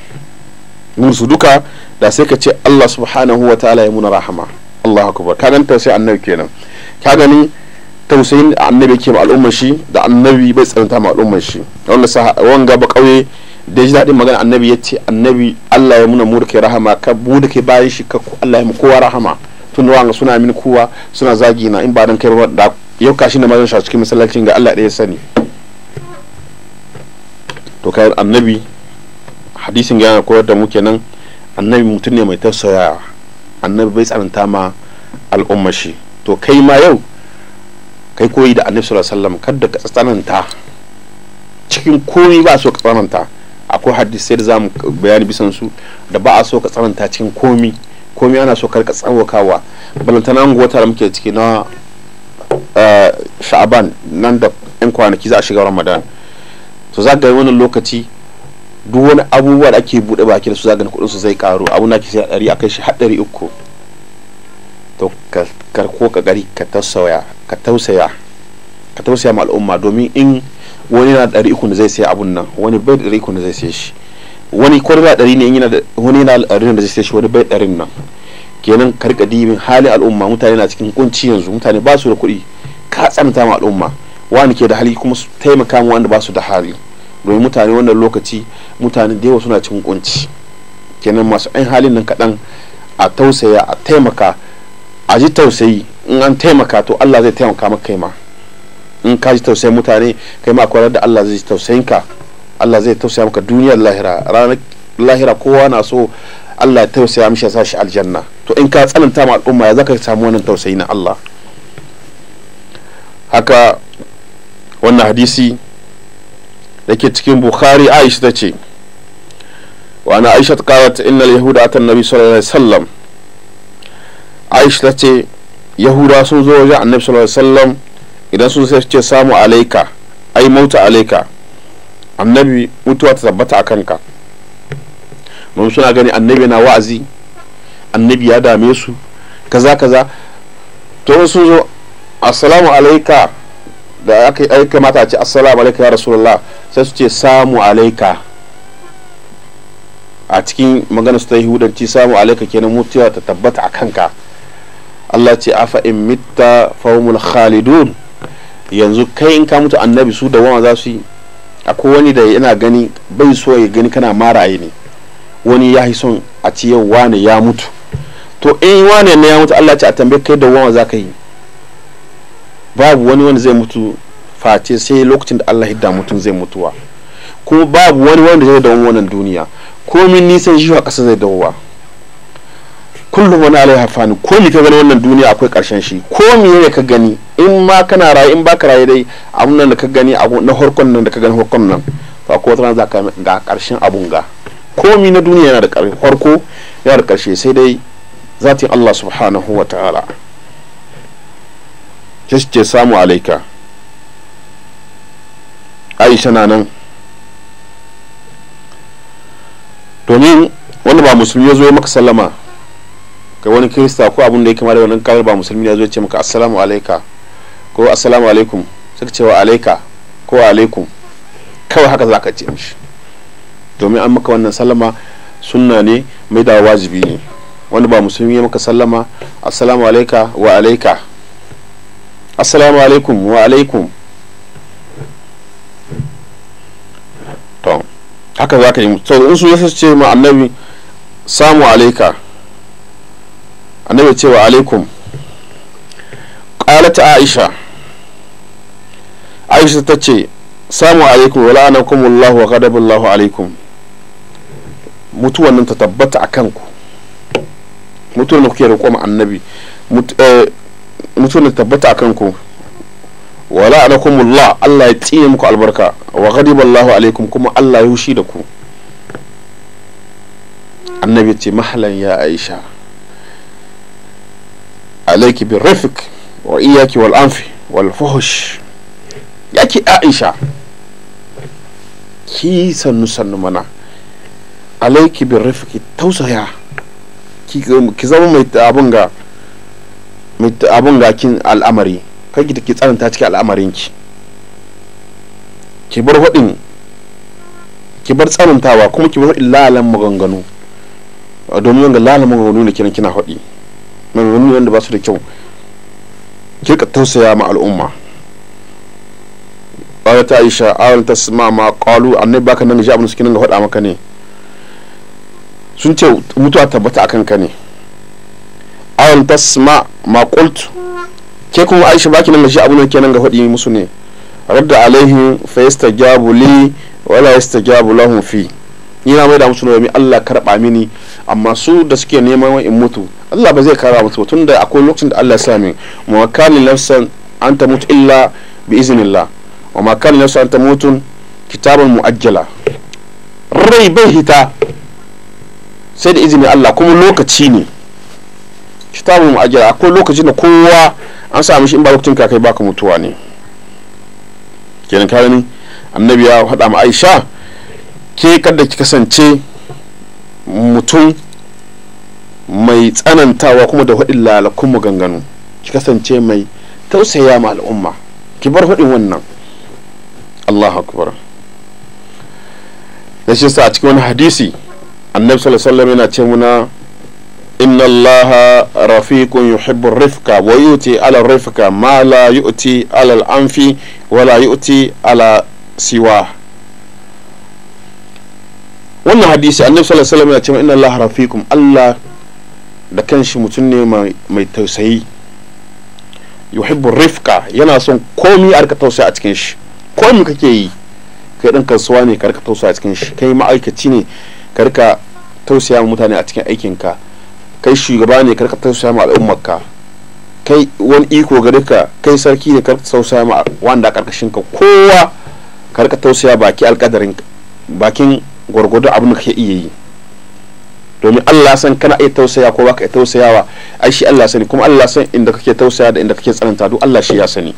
mu su duka da sai ka ce Allah subhanahu wa ta'ala ya muna rahama Allahu akbar ka ganta sai annabi kenan ka gani tausayin annabi ke ma shi da annabi bai tsananta ma al'ummar shi wanda sa wanga ba kauye da ji daɗin magana annabi ya ce annabi Allah ya muna murke rahama ka bude ke bayan shi ka Allah ya mu kowa rahama tun da wanga suna min kowa suna zagi na in ba dan kai ba da yau kashi na mazan shi cikin masallacin ga Allah ɗaya sani to kai annabi hadisin ga yana koyar da mu kenan annabi mutum ne mai tausayawa annabi bai tsananta ma al'ummar shi to kai ma yau kai koyi da annabi sallallahu alaihi wasallam kada ka tsananta cikin komai ba so ka tsananta akwai hadisai da zamu bayani bisan su da ba a so ka tsananta cikin komai komai ana so karka tsawakawa balantana wata tare muke ciki na eh, sha'aban nan da yan kwanaki za a shiga ramadan to za ga wannan lokaci duk wani abubuwa da ake buɗe baki da su za ga su zai karu abu na ke sai akai shi hadari uku to ka ko ka gari ka tasawaya ka tausaya ka tausaya ma al'umma domin in wani na ɗari uku da zai saya abun nan wani bai da ɗari uku da zai saya shi wani ko da ɗari ne yana wani na ɗari da zai saya shi wani bai ɗarin nan kenan ka rika dibin halin al'umma mutane na cikin kunci yanzu mutane ba su da kuɗi ka tsananta ma al'umma wani ke da hali kuma su taimaka ma wanda ba su da hali domin mutane wannan lokaci mutane da yawa suna cikin kunci kenan masu ɗan halin nan kaɗan a tausaya a taimaka a ji tausayi in an taimaka to Allah zai taimaka maka kai ma in ka ji tausayin mutane kai ma akwai da Allah zai ji tausayin ka Allah zai tausaya maka duniyar lahira ranar lahira kowa na so Allah ya tausaya mishi ya shi aljanna to in ka tsananta ma al'umma ya zaka samu wannan tausayi na Allah haka wannan hadisi da ke cikin bukhari aisha ta ce wa na aisha ta kawata innal yahuda atan nabi sallallahu alaihi wasallam aisha ta ce yahuda sun zo wajen annabi sallallahu alaihi wasallam idan sun sai ce samu alaika ai mauta alaika annabi mutuwa ta tabbata a kanka mun suna gani annabi na wa'azi annabi ya dame su kaza kaza to sun zo assalamu alaika da aka yi kamata a ce assalamu alaika ya rasulullah sai su ce samu alaika a cikin magana su ta yi hudanci samu alaika kenan mutuwa ta tabbata a kanka Allah ce afa in mitta khalidun yanzu kai in ka mutu annabi su da wama za su yi akwai wani da yana gani bai so ya gani kana mara ne wani ya yi son a ce yau wane ya mutu to in wane ne ya mutu Allah ce a tambaye kai da wama za ka yi babu wani wani zai mutu face sai lokacin da Allah hidda mutum zai mutuwa ko babu wani wanda zai dawo wannan duniya komin nisan shi a ƙasa zai dawowa kullum wani alai hafani ko mi ka gani wannan duniya akwai karshen shi ko mi ne ka gani in ma kana raye in baka rayu dai abun nan da ka gani abu na horkon nan da ka gani horkon nan fa ko wata za ka ga karshen abun ga ko mi na duniya yana da karshe horko yana da karshe sai dai zatin Allah subhanahu wa ta'ala shi ce samu alaika Aisha na nan domin wanda ba musulmi ya zo maka sallama ga wani kirista ko abin da ya kama da wani karar ba musulmi ya zo ce maka assalamu alaika ko assalamu alaikum sai ka ce wa alaika ko alaikum kawai haka za ka ce mishi domin an maka wannan sallama sunna ne mai da wajibi ne wanda ba musulmi ya maka sallama assalamu alaika wa alaika assalamu alaikum wa alaikum to haka za ka yi to in su yasa ce ma annabi samu alaika annabi cewa alaikum ƙalata aisha aisha ta ce samu alaikum wala anakumullahu wa ghadaballahu alaikum mutuwan nan ta tabbata a kanku mutuwan da kuke roƙo ma annabi eh, mutuwan ta tabbata a kanku wala anakumullah Allah ya tsine muku albarka wa ghadaballahu alaikum kuma Allah ya hushi da ku annabi ce mahalan ya aisha alaiki bin rafik wa iyaki wal amfi wal fuhush yake aisha ki sannu sannu mana alaiki bin rafiki tausaya ki zama mai abun ga mai abun ga kin al'amari kai ki tsananta cikin al'amarinki ki bar hudin ki bar tsanantawa kuma ki bar lalan maganganu domin ga lalan maganganu ne kina kina hudi maganganu wanda ba su da kyau kirka tausaya ma al'umma ba ta aisha awal ta sima ma a annai baka nan ji abin suke nan ga faɗa maka ne sun ce mutuwa tabbata a kanka ne awal ta sima ma ƙult ke kuma aisha baki nan ji abin ke nan ga faɗi musu ne radda alaihi fa yastajabu li wala yastajabu lahum fi ni na mai da musu nomi Allah karɓa mini amma su da suke neman in mutu Allah ba zai kara mutu ba tunda akwai lokacin da Allah ya sami wa kana lafsan an ta mutu illa bi iznillah wa ma lafsan an ta mutu kitabun muajjala rai bai hita sai da izinin Allah kuma lokaci ne kitabun mu'ajjala akwai lokacin da kowa an sami shi in ba lokacin kakai baka mutuwa ne kenan ka gani annabi ya faɗa ma Aisha ke kada ki kasance mutum mai tsanantawa kuma da faɗin lalakun maganganu ki kasance mai tausaya ma al'umma ki bar faɗin wannan Allahu akbar da shi sa a cikin wani hadisi annabi sallallahu yana ce muna inna Allah rafiqun yuhibbu rifka wa yuti ala rifka ma la yuti ala al-anfi wa la yuti ala siwa wannan hadisi annabi sallallahu alaihi wasallam yana ce inna Allah rafiqum Allah da kan shi mutum ne mai tausayi yuhibbu rifka yana son komi a rika tausaya a cikin shi komi kake yi kai dan kasuwa ne ka rika tausayi a cikin shi kai ma'aikaci ne ka rika tausaya mutane a cikin aikinka kai shugaba ne ka rika tausaya ma al'ummarka kai wani iko gare ka kai sarki ne ka rika tausaya ma wanda a karkashin ka kowa ka rika tausaya baki alkadarin bakin gwargwado abin da kake iya yi domin Allah san kana iya tausaya ko baka iya tausayawa ai shi Allah sani kuma Allah san inda kake tausaya da inda kake tsananta duk Allah shi ya sani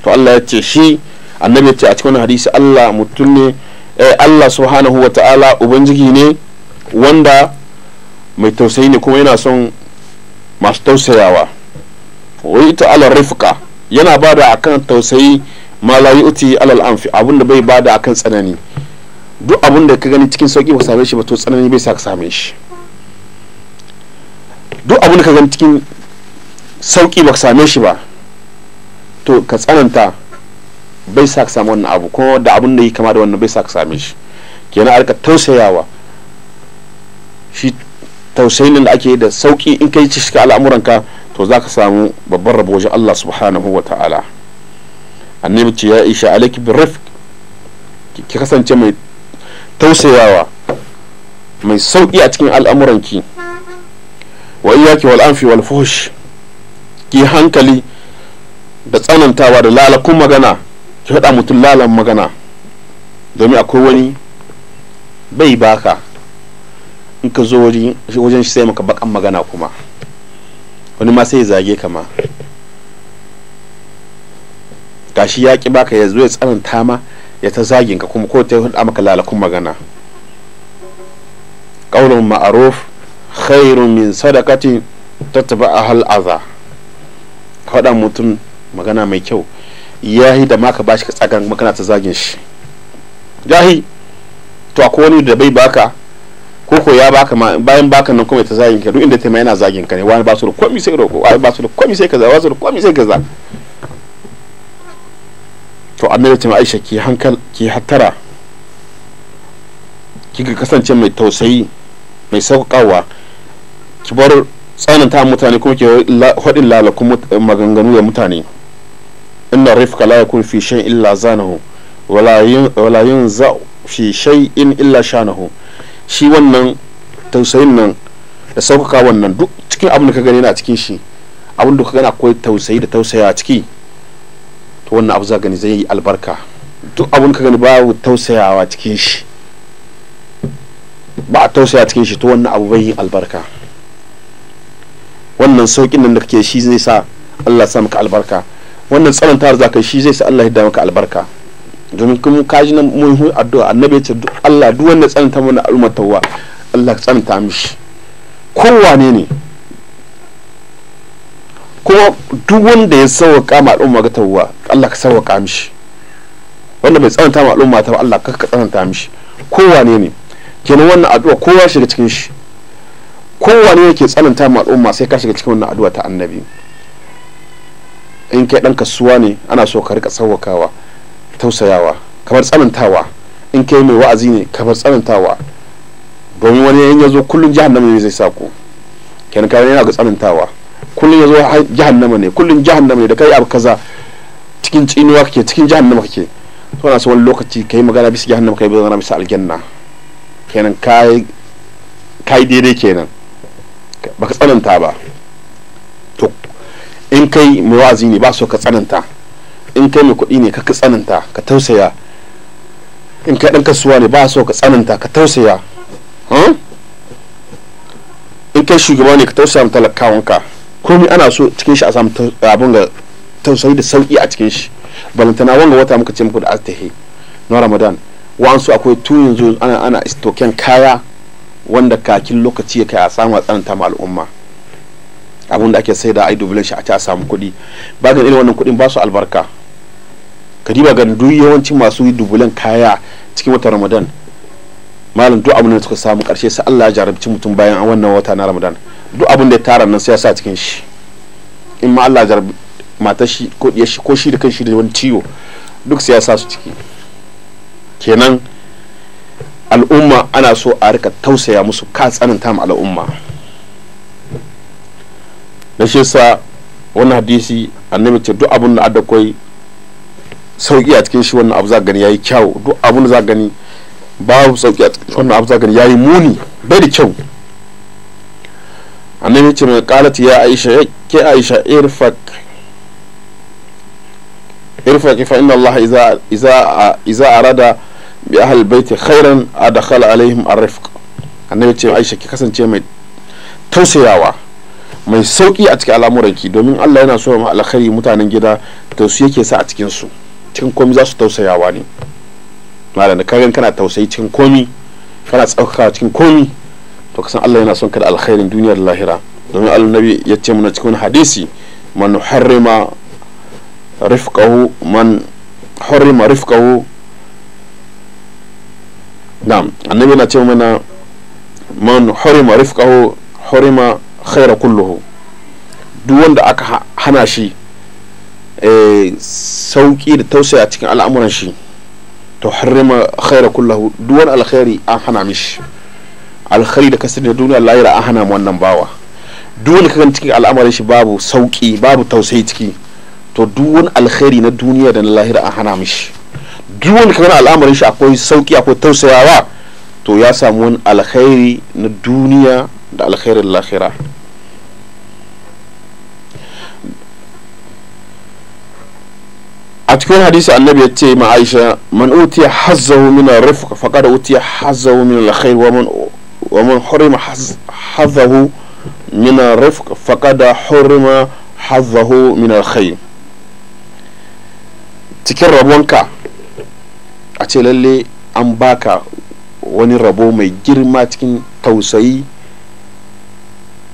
to Allah ya ce shi annabi ya ce a cikin hadisi Allah mutum ne eh, Allah subhanahu wa ta'ala ubangiji ne wanda mai tausayi ne kuma yana son masu tausayawa wa ita ala rifka yana bada akan tausayi ma la yu'ti alal anfi abinda bai bada akan tsanani duk abun da ka gani cikin sauki ba same shi ba to tsanani bai sa ka same shi duk abun da ka gani cikin sauki ba ka same shi ba to ka tsananta bai sa ka samu wannan abu ko da abun da yi kama da wannan bai sa ka same shi kenan a rika tausayawa shi tausayin da ake da sauki in kai ci shiga al'amuranka to za ka samu babban rabo wajen Allah subhanahu wa ta'ala annabi ce ya isha alaiki bi ki kasance mai tausayawa mai sauƙi a cikin al'amuranki wa iyaki wal anfi wal ki hankali da tsanantawa da lalakun magana ki faɗa mutum lalan magana domin akwai wani bai baka in ka zo wajen shi sai maka bakan magana kuma wani ma sai zage kama gashi ya ki baka ya zo ya tsananta ma ya ta zagin ka kuma ko ta hulɗa maka lalakun magana ƙaunin ma'aruf khairun min sadakati ta taba a hal'aza faɗa mutum magana mai kyau yahi da maka bashi ka tsagan magana ta zagin shi jahi to a wani da bai baka ko ko ya baka ma bayan baka nan kuma ta zagin ka duk inda ta ma yana zagin ka ne wani ba su da komai sai ka wani kaza to aminatu aisha ki hankal ki hattara ga kasance mai tausayi mai saukakawa ki bar tsananta mutane kuma ke haɗin lalakun maganganu da mutane inna rifka la yakun fi shan illa zanahu wala yin za fi in illa shanahu shi wannan tausayin nan da sauƙaƙa wannan duk cikin abin da ka gani na cikin shi abin da ka gani akwai tausayi da tausaya a ciki to wannan abu za gani zai yi albarka duk abun ka gani babu tausayawa cikin shi ba a tausaya cikin shi to wannan abu bai yi albarka wannan saukin nan da kake shi zai sa Allah sa maka albarka wannan tsanantar za ka shi zai sa Allah ya da maka albarka domin kuma ka ji nan mun addu'a annabi ce Allah duk wanda tsananta mana al'ummar tawwa Allah tsananta mishi kowa ne ne kuma duk wanda ya sauwaka ma al'umma ga tawwa Allah ka sauwaka mishi wanda bai tsananta ma al'umma ta Allah ka ka tsananta mishi kowane ne kenan wannan addu'a kowa shiga cikin shi kowane ne yake tsananta ma al'umma sai ka shiga cikin wannan addu'a ta annabi in kai dan kasuwa ne ana so ka rika sauwakawa tausayawa kamar tsanantawa in kai mai wa'azi ne kamar tsanantawa domin wani yayin ya zo kullum jahannama ne zai sako kenan kawai yana ga tsanantawa kullun ya zo jahannama ne kullun jahannama ne da kai abu kaza cikin tsinuwa kake cikin jahannama kake to na so wani lokaci kai magana bisa jahannama kai magana bisa aljanna kenan kai kai daidai kenan baka tsananta ba to in kai mai wa'azi ne ba so ka tsananta in kai mai kuɗi ne ka tsananta ka tausaya in kai ɗan kasuwa ne ba so ka tsananta ka tausaya hmm? in kai shugaba ne ka tausaya talakawanka komi ana so cikin shi a samu abin ga tausayi da sauki a cikin shi balantana wanga wata muka ce muku da astahi na ramadan wa'ansu akwai tun yanzu ana ana istoken kaya wanda kakin lokaci ya kai a samu a tsananta ma al'umma abin da ake sai da ai dubulan shi a ci a samu kuɗi ba ga irin wannan kuɗin ba su albarka ka diba ga duk yawancin masu dubulan kaya cikin watan ramadan malam duk abin da suka samu karshe sai Allah ya jarabci mutum bayan wannan wata na ramadan duk abin da ya tara nan sai ya sa cikin shi in ma Allah jar matar shi ko ya shi ko shi da kanshi da wani ciwo duk sai ya sa su ciki kenan al'umma ana so a rika tausaya musu ka tsananta ma al'umma da shi sa wani hadisi annabi ce duk abin da adda koi sauki a cikin shi wannan abu za gani yayi kyau duk abin da za gani babu sauki a cikin wannan abu za gani yayi muni bai da kyau annabi ce mai qalat ya aisha ke aisha irfak irfak fa inna allaha iza iza iza arada bi ahli baiti khairan adkhala alaihim arifq annabi ce aisha ki kasance mai tausayawa mai sauki a cikin al'amuranki domin Allah yana so mu alkhairi mutanen gida to su yake sa a cikin su cikin komi za su tausayawa ne malam da kagan kana tausayi cikin komi kana tsaukaka cikin komi to kasan Allah yana son kada alkhairin duniya da lahira domin annabi ya ce muna cikin hadisi man harrima rifqahu man harrima rifqahu nam annabi yana ce mana man harrima rifqahu harrima khaira kulluhu duk wanda aka hana shi eh, sauki da tausaya cikin al'amuran shi to harrima khaira kullahu duk wani alkhairi an hana mishi alkhari da kasar da duniya lahira an hana wannan bawa dole wani kagan cikin al'amarin shi babu sauki babu tausayi ciki to duwan alkhari na duniya da na lahira an hana mishi duwan wani kagan al'amarin shi akwai sauki akwai tausayawa to ya samu wani alkhairi na duniya da alkhairin lahira a cikin hadisi annabi ya ce ma aisha man utiya hazzahu min ar-rifq faqad utiya hazzahu min al wa man wa man hurima hazahu min rifq faqad hurima hazahu min cikin rabonka a ce lalle an baka wani rabo mai girma cikin tausayi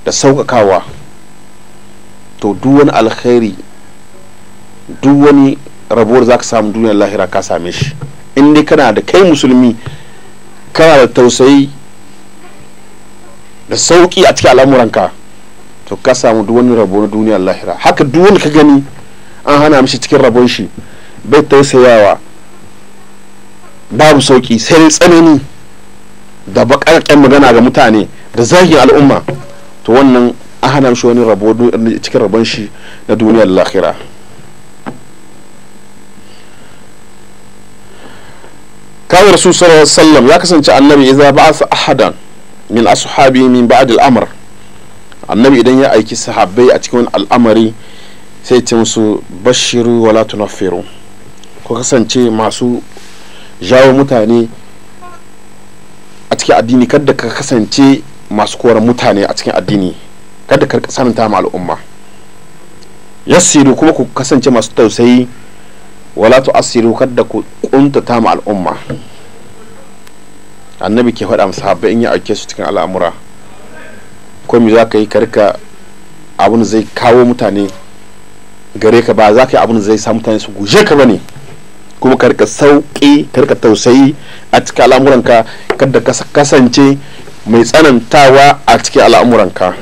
da sauƙaƙawa to duk wani alkhairi duk wani rabuwar za ka samu duniyar lahira ka same shi in dai kana da kai musulmi kana da tausayi da sauki a cikin al'amuranka to ka samu duk wani rabo na duniya lahira haka duk wani ka gani an hana mishi cikin rabon shi bai tausayawa babu sauki sai tsanani da bakarken magana ga mutane da zagin al'umma to wannan an hana mishi wani rabo cikin rabon shi na duniya lahira kawai rasu sallallahu alaihi wasallam ya kasance annabi idza ba'atha ahadan min ashabi min ba'd al'amr annabi idan ya aiki sahabbai a cikin al'amari sai ce musu bashiru wala tunaffiru ku kasance masu jawo mutane a cikin addini kada ka kasance masu koran mutane a cikin addini kada ka sananta ma al'umma yassiru kuma ku kasance masu tausayi wala tu'assiru kada ku kuntata ma al'umma annabi ke faɗa masa in ya auke su cikin al'amura ko me za ka yi karka abin zai kawo mutane gare ka ba za ka yi abin zai sa mutane su guje ka bane kuma karka sauƙi karka tausayi a cikin al'amuranka kada ka kasance mai tsanantawa a cikin al'amuranka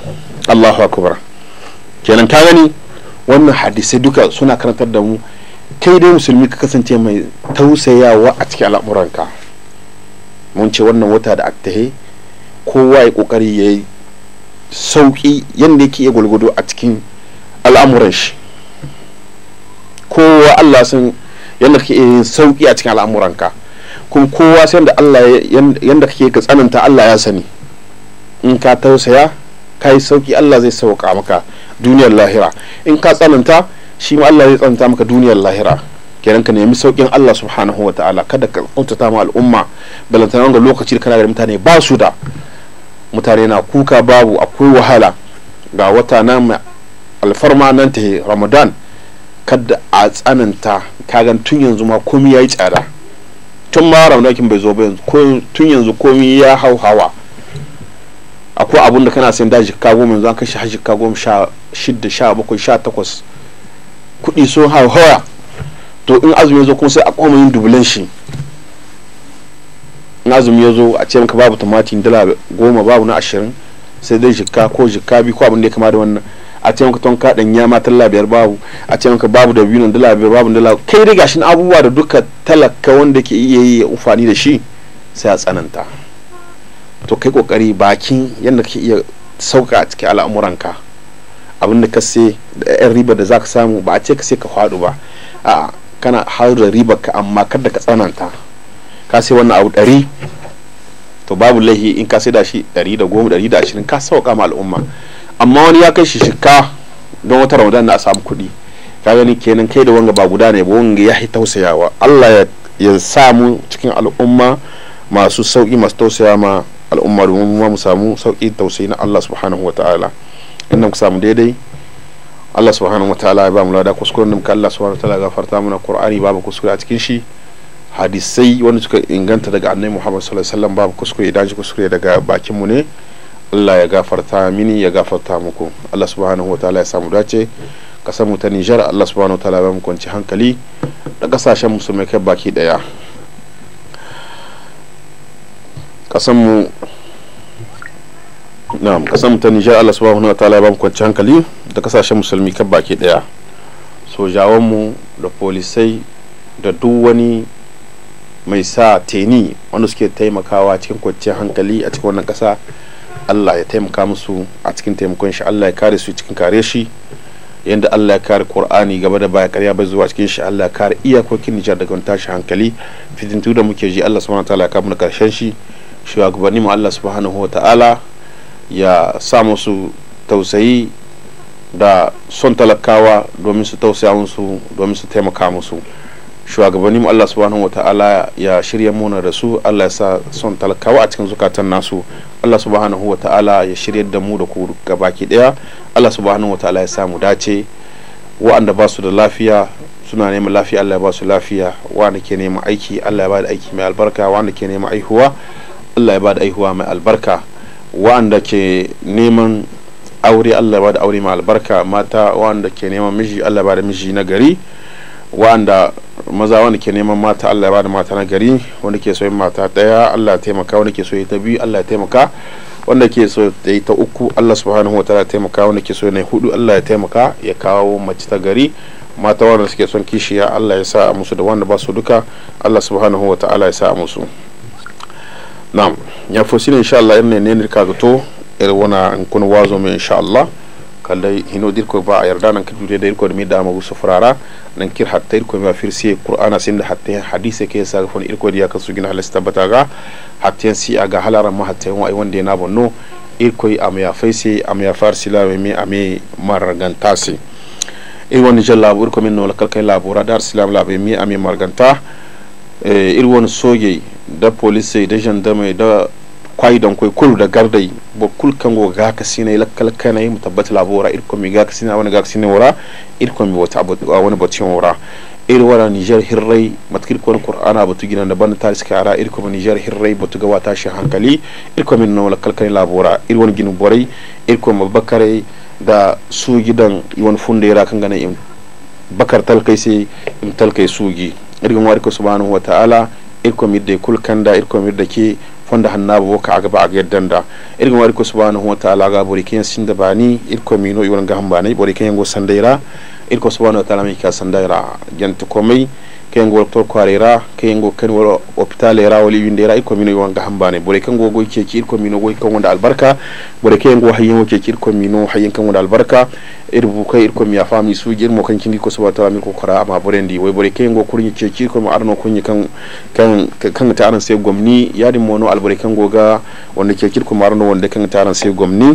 allahu akbar kenan ka gani wannan hadisai duka suna karantar da mu kai dai musulmi ka kasance mai tausayawa a cikin al'amuranka mun ce wannan wata da aktahe kowa ya kokari ya yi sauki yadda yake iya gwalgwado a cikin al'amuran shi kowa allah sun yadda kake yin sauki a cikin al'amuranka kuma kowa sai da allah yadda kake ka tsananta allah ya sani in ka tausaya ka yi sauki allah zai sauka maka duniyar lahira in ka tsananta shi ma allah zai tsananta maka duniyar lahira kenan ka nemi saukin Allah subhanahu wa ta'ala kada ka kuntata ma al'umma balantana ga lokaci da kana da mutane ba su da mutane na kuka babu akwai wahala ga wata na alfarma nan ta ramadan kada a tsananta ga tun yanzu ma komi ya yi tsada tun ma ramadakin bai zo ba yanzu tun yanzu komi ya hau hawa akwai abun da kana sayan daji ka goma yanzu an kashe hajji jikka goma sha shida sha bakwai sha takwas kuɗi sun hau hawa to in azumi ya zo kuma sai a koma yin dubulan shi in azumi ya zo a ce maka babu tumatir dala goma babu na ashirin sai dai jikka ko jikka bi ko abin da ya kama da wannan a ce maka tonka dan ya ma talla biyar babu a ce maka babu da biyu dala biyar babu dala kai dai gashin abubuwa da duka talaka wanda ke iya yi ufani da shi sai a tsananta to kai kokari bakin yadda kake iya sauka a cikin al'amuranka abinda da ka sai da yan riba da za ka samu ba a ce ka sai ka faɗo ba a'a kana har da ribar ka amma kada ka tsananta ka sai wannan abu ɗari to babu laihi in ka sai da shi ɗari da goma ɗari da ashirin ka sauka ma al'umma amma wani ya kai shi shika don wata ramadan na a samu kuɗi ka gani kenan kai da wanga ba guda ne ba wanga ya tausayawa Allah ya samu cikin al'umma masu sauki masu tausaya ma al'umma domin mu samu sauki tausayi na Allah subhanahu wa ta'ala inda ku samu daidai Allah subhanahu wataala ya ba mu lada kuskuren da muka Allah subhanahu wataala gafarta mana Qur'ani babu kuskure a cikin shi hadisai wanda suka inganta daga annabi Muhammad sallallahu alaihi wasallam babu kuskure idan kuskure daga bakin mu ne Allah ya gafarta mini ya gafarta muku Allah subhanahu wataala ya samu dace kasar mu ta Nijar Allah subhanahu wataala ya ba mu kwanci hankali da kasashen musulmai kai baki daya kasar mu na'am kasan ta nijar Allah subhanahu wa ta'ala ba mu kwanci hankali da kasashen musulmi kan baki daya sojawan mu da polisai da duk wani mai sa teni wanda suke taimakawa cikin kwanciyar hankali a cikin wannan kasa Allah ya taimaka musu a cikin taimakon shi Allah ya kare su cikin kare shi yadda Allah ya kare Qur'ani gaba da baya karya bai zuwa cikin shi Allah ya kare iyakokin Nijar daga wani tashi hankali fitintu da muke ji Allah subhanahu wa ta'ala ya kawo mu karshen shi shugabanni mu Allah subhanahu wa ta'ala ya sa musu tausayi da son talakawa domin su tausaya musu domin su taimaka musu shugabannin Allah subhanahu wa ta'ala ya shirya muna da su Allah ya sa son talakawa a cikin zukatan nasu Allah subhanahu wa ta'ala ya shirya da mu da ku gabaki daya Allah subhanahu wa ta'ala ya samu dace wa'anda ba su da lafiya suna neman lafiya Allah ya ba su lafiya wa'anda ke neman aiki Allah ya ba da aiki mai albarka wa'anda ke neman aihuwa Allah ya ba da aihuwa mai albarka wa'anda ke neman aure Allah ba da aure ma albarka mata wa'anda ke neman miji Allah ba da miji na gari wa'anda maza wanda ke neman mata Allah ba da mata na gari wanda ke so mata daya Allah ya taimaka wanda ke so ta biyu Allah ya taimaka wanda ke so ya ta uku Allah subhanahu wa ta'ala ya taimaka wanda ke so ya hudu Allah ya taimaka ya kawo mace ta gari mata wanda suke son kishiya Allah ya sa musu da wanda ba su duka Allah subhanahu wa ta'ala ya sa musu naam ñafosine inchallah en ne ne ka to ere wona kono wazo wasome inchallah kala hino dir ko ba yarda nan kidu de ko mi dama go sufrara nan kir hatta ir ko ma firsi e qur'ana sin hatta e hadise ke sa fon ir ko dia ka su gina halasta bataga hatta si aga halara ma hatta wa e wonde na bonno ir ko am ya faisi am ya farsi la mi ami margantasi e woni jalla bur ko min no kal kay labora dar silam labe mi ami marganta Eh, ir won soge da polisai da gendarme da kwai don koi kul da gardai ba kul kan go ga ka sine lakkal na yi mutabbat labora irko komi ga ka sine wani ga ka sine wora irko komi wata wani bacin wora ir wala niger hirrai matakir kon kur'ana batu gina da ban tari suka ara irko komi niger hirrai batu gawa tashi hankali irko komi nuna lakkal kana labora ir wani ginin borai irko komi bakare da su gidan iwan funde kan gana bakar talkai sai im talkai sugi irgin warko subhanahu wa ta'ala irko midde kulkanda irko midde ke fonda hanna bo ka aga ba aga irin irgin warko subhanahu wa ta'ala ga bori ken sinda bani irko mino iwan ga hambani bori ken go sandaira irko subhanahu wa ta'ala mi ka sandaira jantu komai kengol torkoarera kengo kenwol hôpital era wol iwindera ir commune wanga hambane bore kengo goy ceci ir commune goy dal barka bore kengo hayen wo ceci ir commune hayen kangonda albarka ir buka ir commune a fami suji ir mo kancingi ko so wata mi ko kora ama bore ndi way bore kengo kurni ceci ir commune arno kunyi kan kan kan ta aran sey gomni yadi mono albore kengo ga wonde ceci ir commune arno wonde kan ta aran sey gomni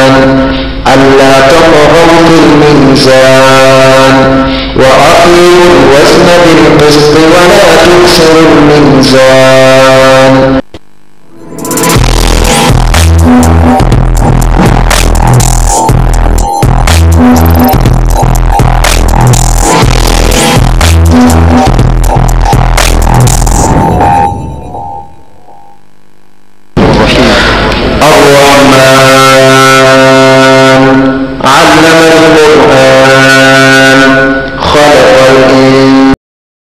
ألا تطغوا في الميزان وأقيموا الوزن بالقسط ولا تكسروا الميزان